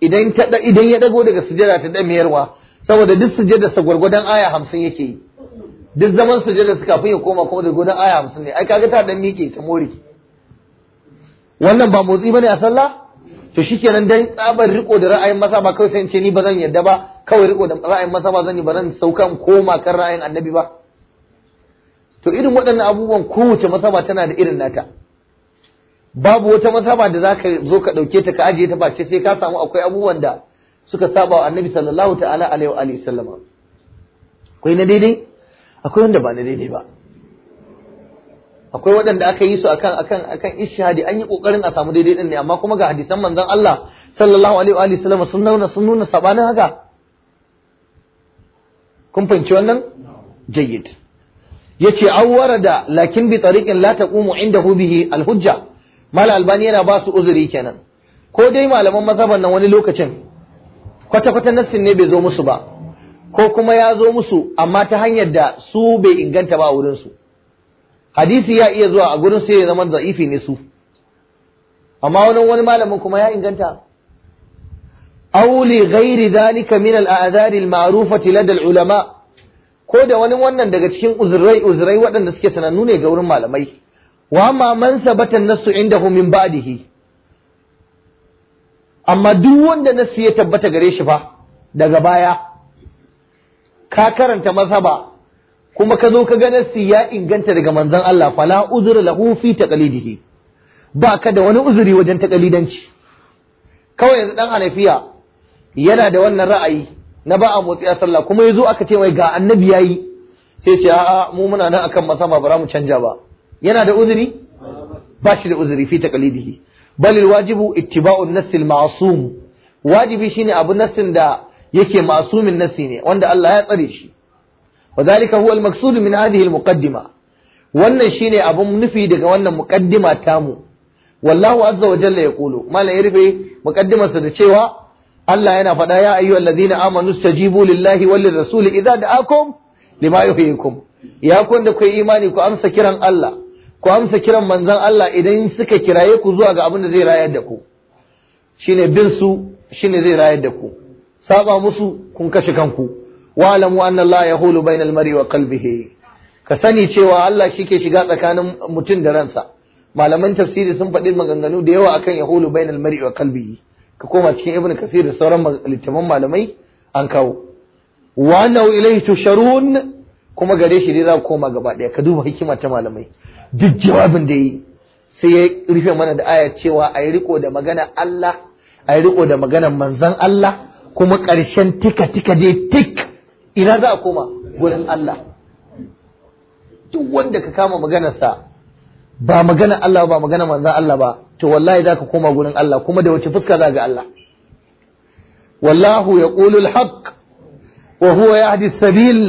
Speaker 1: idan ta idan ya dago daga sujada ta miyarwa, saboda duk sujada sa gurgudan aya 50 yake yi duk zaman sujada su kafin ya koma kuma daga gurgudan aya 50 ne ai kaga ta dan mike ta more wannan ba motsi bane a sallah to shikenan dan tsabar riko da ra'ayin masa ba kawai sai in ce ni ba yadda ba kawai riko da ra'ayin masa ba zan yi ba zan saukan koma kan ra'ayin annabi ba to irin waɗannan abubuwan kowace masaba tana da irin nata babu wata masaba da za ka zo ka ɗauke ta ka ajiye ta face sai ka samu akwai abubuwan da suka saba wa annabi sallallahu ta'ala alaihi wa alihi sallama akwai na daidai akwai wanda ba na daidai ba akwai waɗanda aka yi su akan akan akan ishihadi an yi kokarin a samu daidai din ne amma kuma ga hadisan manzon Allah sallallahu alaihi wa alihi sallama sun nuna sun nuna sabanin haka kun fahimci wannan jayyid yace ce warada lakin bi tariqin la taqumu indahu bihi al hujja mal albani yana ba su uzuri kenan ko dai malaman mazhaban nan wani lokacin kwata kwata nassin ne bai zo musu ba ko kuma ya zo musu amma ta hanyar da su bai inganta ba a wurin su hadisi ya iya zuwa a gurin su ya zama za'ifi ne su amma wani wani malamin kuma ya inganta aw li ghairi dhalika min al a'dhar al ulama' ko da wani wannan daga cikin uzurai uzurai waɗanda suke sanannu ne ga wurin malamai wa ma man sabata nasu hu min ba'dihi amma duk wanda nasu ya tabbata gare shi fa daga baya ka karanta mazhaba kuma ka zo ka ga nasu ya inganta daga manzon Allah fala uzur lahu fi taqlidihi ba ka da wani uzuri wajen taqlidanci kawai yanzu dan alafiya yana da wannan ra'ayi na ba a motsi a sallah kuma yazo aka ce mai ga annabi yayi sai ce a'a mu muna nan akan masama ba za mu canja ba yana da uzuri ba shi da uzuri fi taqlidihi bal alwajibu ittiba'u an-nass masum wajibi shine abu nassin da yake ma'sumin nassi ne wanda Allah ya tsare shi wadhalika huwa al-maqsud min hadhihi al-muqaddima wannan shine abun nufi daga wannan muqaddima tamu wallahu azza wa jalla yaqulu malam ya rufe muqaddimarsa da cewa Allah yana faɗa ya ayyuhal ladina amanu stajibu lillahi wal rasul idza da'akum lima yuhyikum ya kun da kai imani ku amsa kiran Allah ku amsa kiran manzon Allah idan suka kiraye ku zuwa ga abin da zai rayar da ku shine bin su shine zai rayar da ku saba musu kun kashe kanku wa alamu anna Allah yahulu bainal mar'i wa qalbihi ka sani cewa Allah shi ke shiga tsakanin mutum da ransa malaman tafsiri sun faɗi maganganu da yawa akan yahulu bainal mar'i wa qalbihi ka koma cikin ibn kasir da sauran littafan malamai an kawo wa annahu ilayhi tusharun kuma gare shi dai za ku koma gaba daya ka duba hikima ta malamai duk jawabin da yi sai ya rufe mana da aya cewa a yi riko da magana Allah a riko da maganar manzon Allah kuma karshen tika tika dai tik ina za a koma gurin Allah duk wanda ka kama maganarsa ba magana Allah ba magana manzon Allah ba to wallahi zaka koma gurin Allah kuma da wace fuska za ga Allah wallahu yaqulu alhaq wa huwa yahdi sabil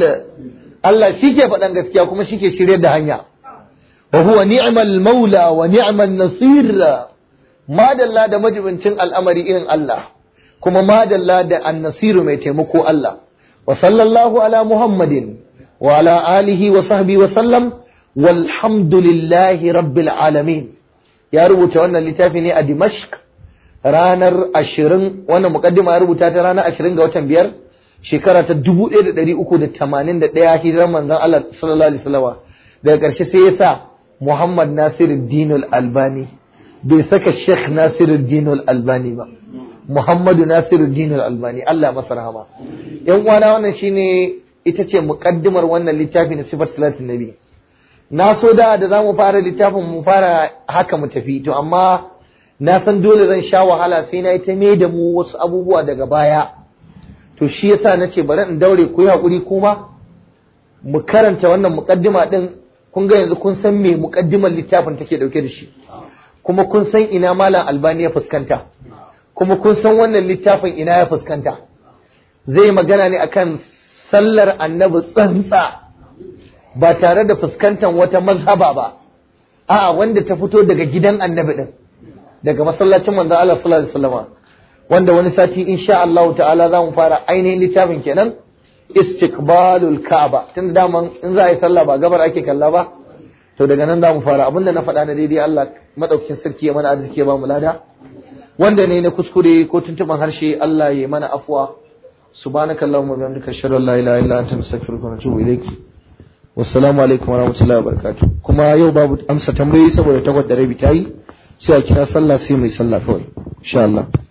Speaker 1: Allah shike faɗan gaskiya kuma shike shirya da hanya wa huwa ni'mal maula wa ni'man nasir madalla da majibincin al'amari irin Allah kuma madalla da an nasiru mai taimako Allah wa sallallahu ala muhammadin wa ala alihi wa sahbihi wa sallam walhamdulillahi rabbil alamin ya rubuta wannan littafi ne a Dimashq ranar ashirin wannan mukaddima ya rubuta ta ranar ashirin ga watan biyar shekara ta dubu ɗaya da ɗari uku da tamanin da ɗaya manzon Allah sallallahu alaihi wasallam daga ƙarshe sai ya sa Muhammad Nasiruddin Al-Albani bai saka Sheikh Nasiruddin Al-Albani ba Muhammadu Nasiruddin Al-Albani Allah masa rahama yan uwana wannan shine ita ce mukaddimar wannan littafi na sifar salatin nabi na so da da za mu fara littafin mu fara haka mu tafi to amma na san dole zan sha wahala sai na yi ta mai da mu wasu abubuwa daga baya to shi yasa na ce bari in daure ku yi haƙuri kuma mu karanta wannan muƙaddima ɗin kun ga yanzu kun san me muƙaddimar littafin take ɗauke da shi kuma kun san ina malam albani ya fuskanta kuma kun san wannan littafin ina ya fuskanta zai magana ne akan sallar annabi tsantsa ba tare da fuskantar wata mazhaba ba a'a wanda ta fito daga gidan annabi din daga masallacin manzo Allah sallallahu alaihi wasallama wanda wani sati insha Allah ta'ala za mu fara ainihin littafin kenan istiqbalul ka'aba tun da man in za a yi sallah ba gabar ake kalla ba to daga nan za mu fara abinda na faɗa na daidai Allah madaukin sarki ya mana arziki ya ba mu lada wanda ne na kuskure ko tuntuban harshe Allah ya mana afwa subhanakallahumma wa bihamdika ashhadu an la ilaha illa anta astaghfiruka wa atubu ilaik wassalamu alaikum warahmatullahi wabarakatuh kuma yau babu amsa tambayoyi saboda takwas da rabi ta yi sai a kira sallah sai mai sallah kawai insha Allah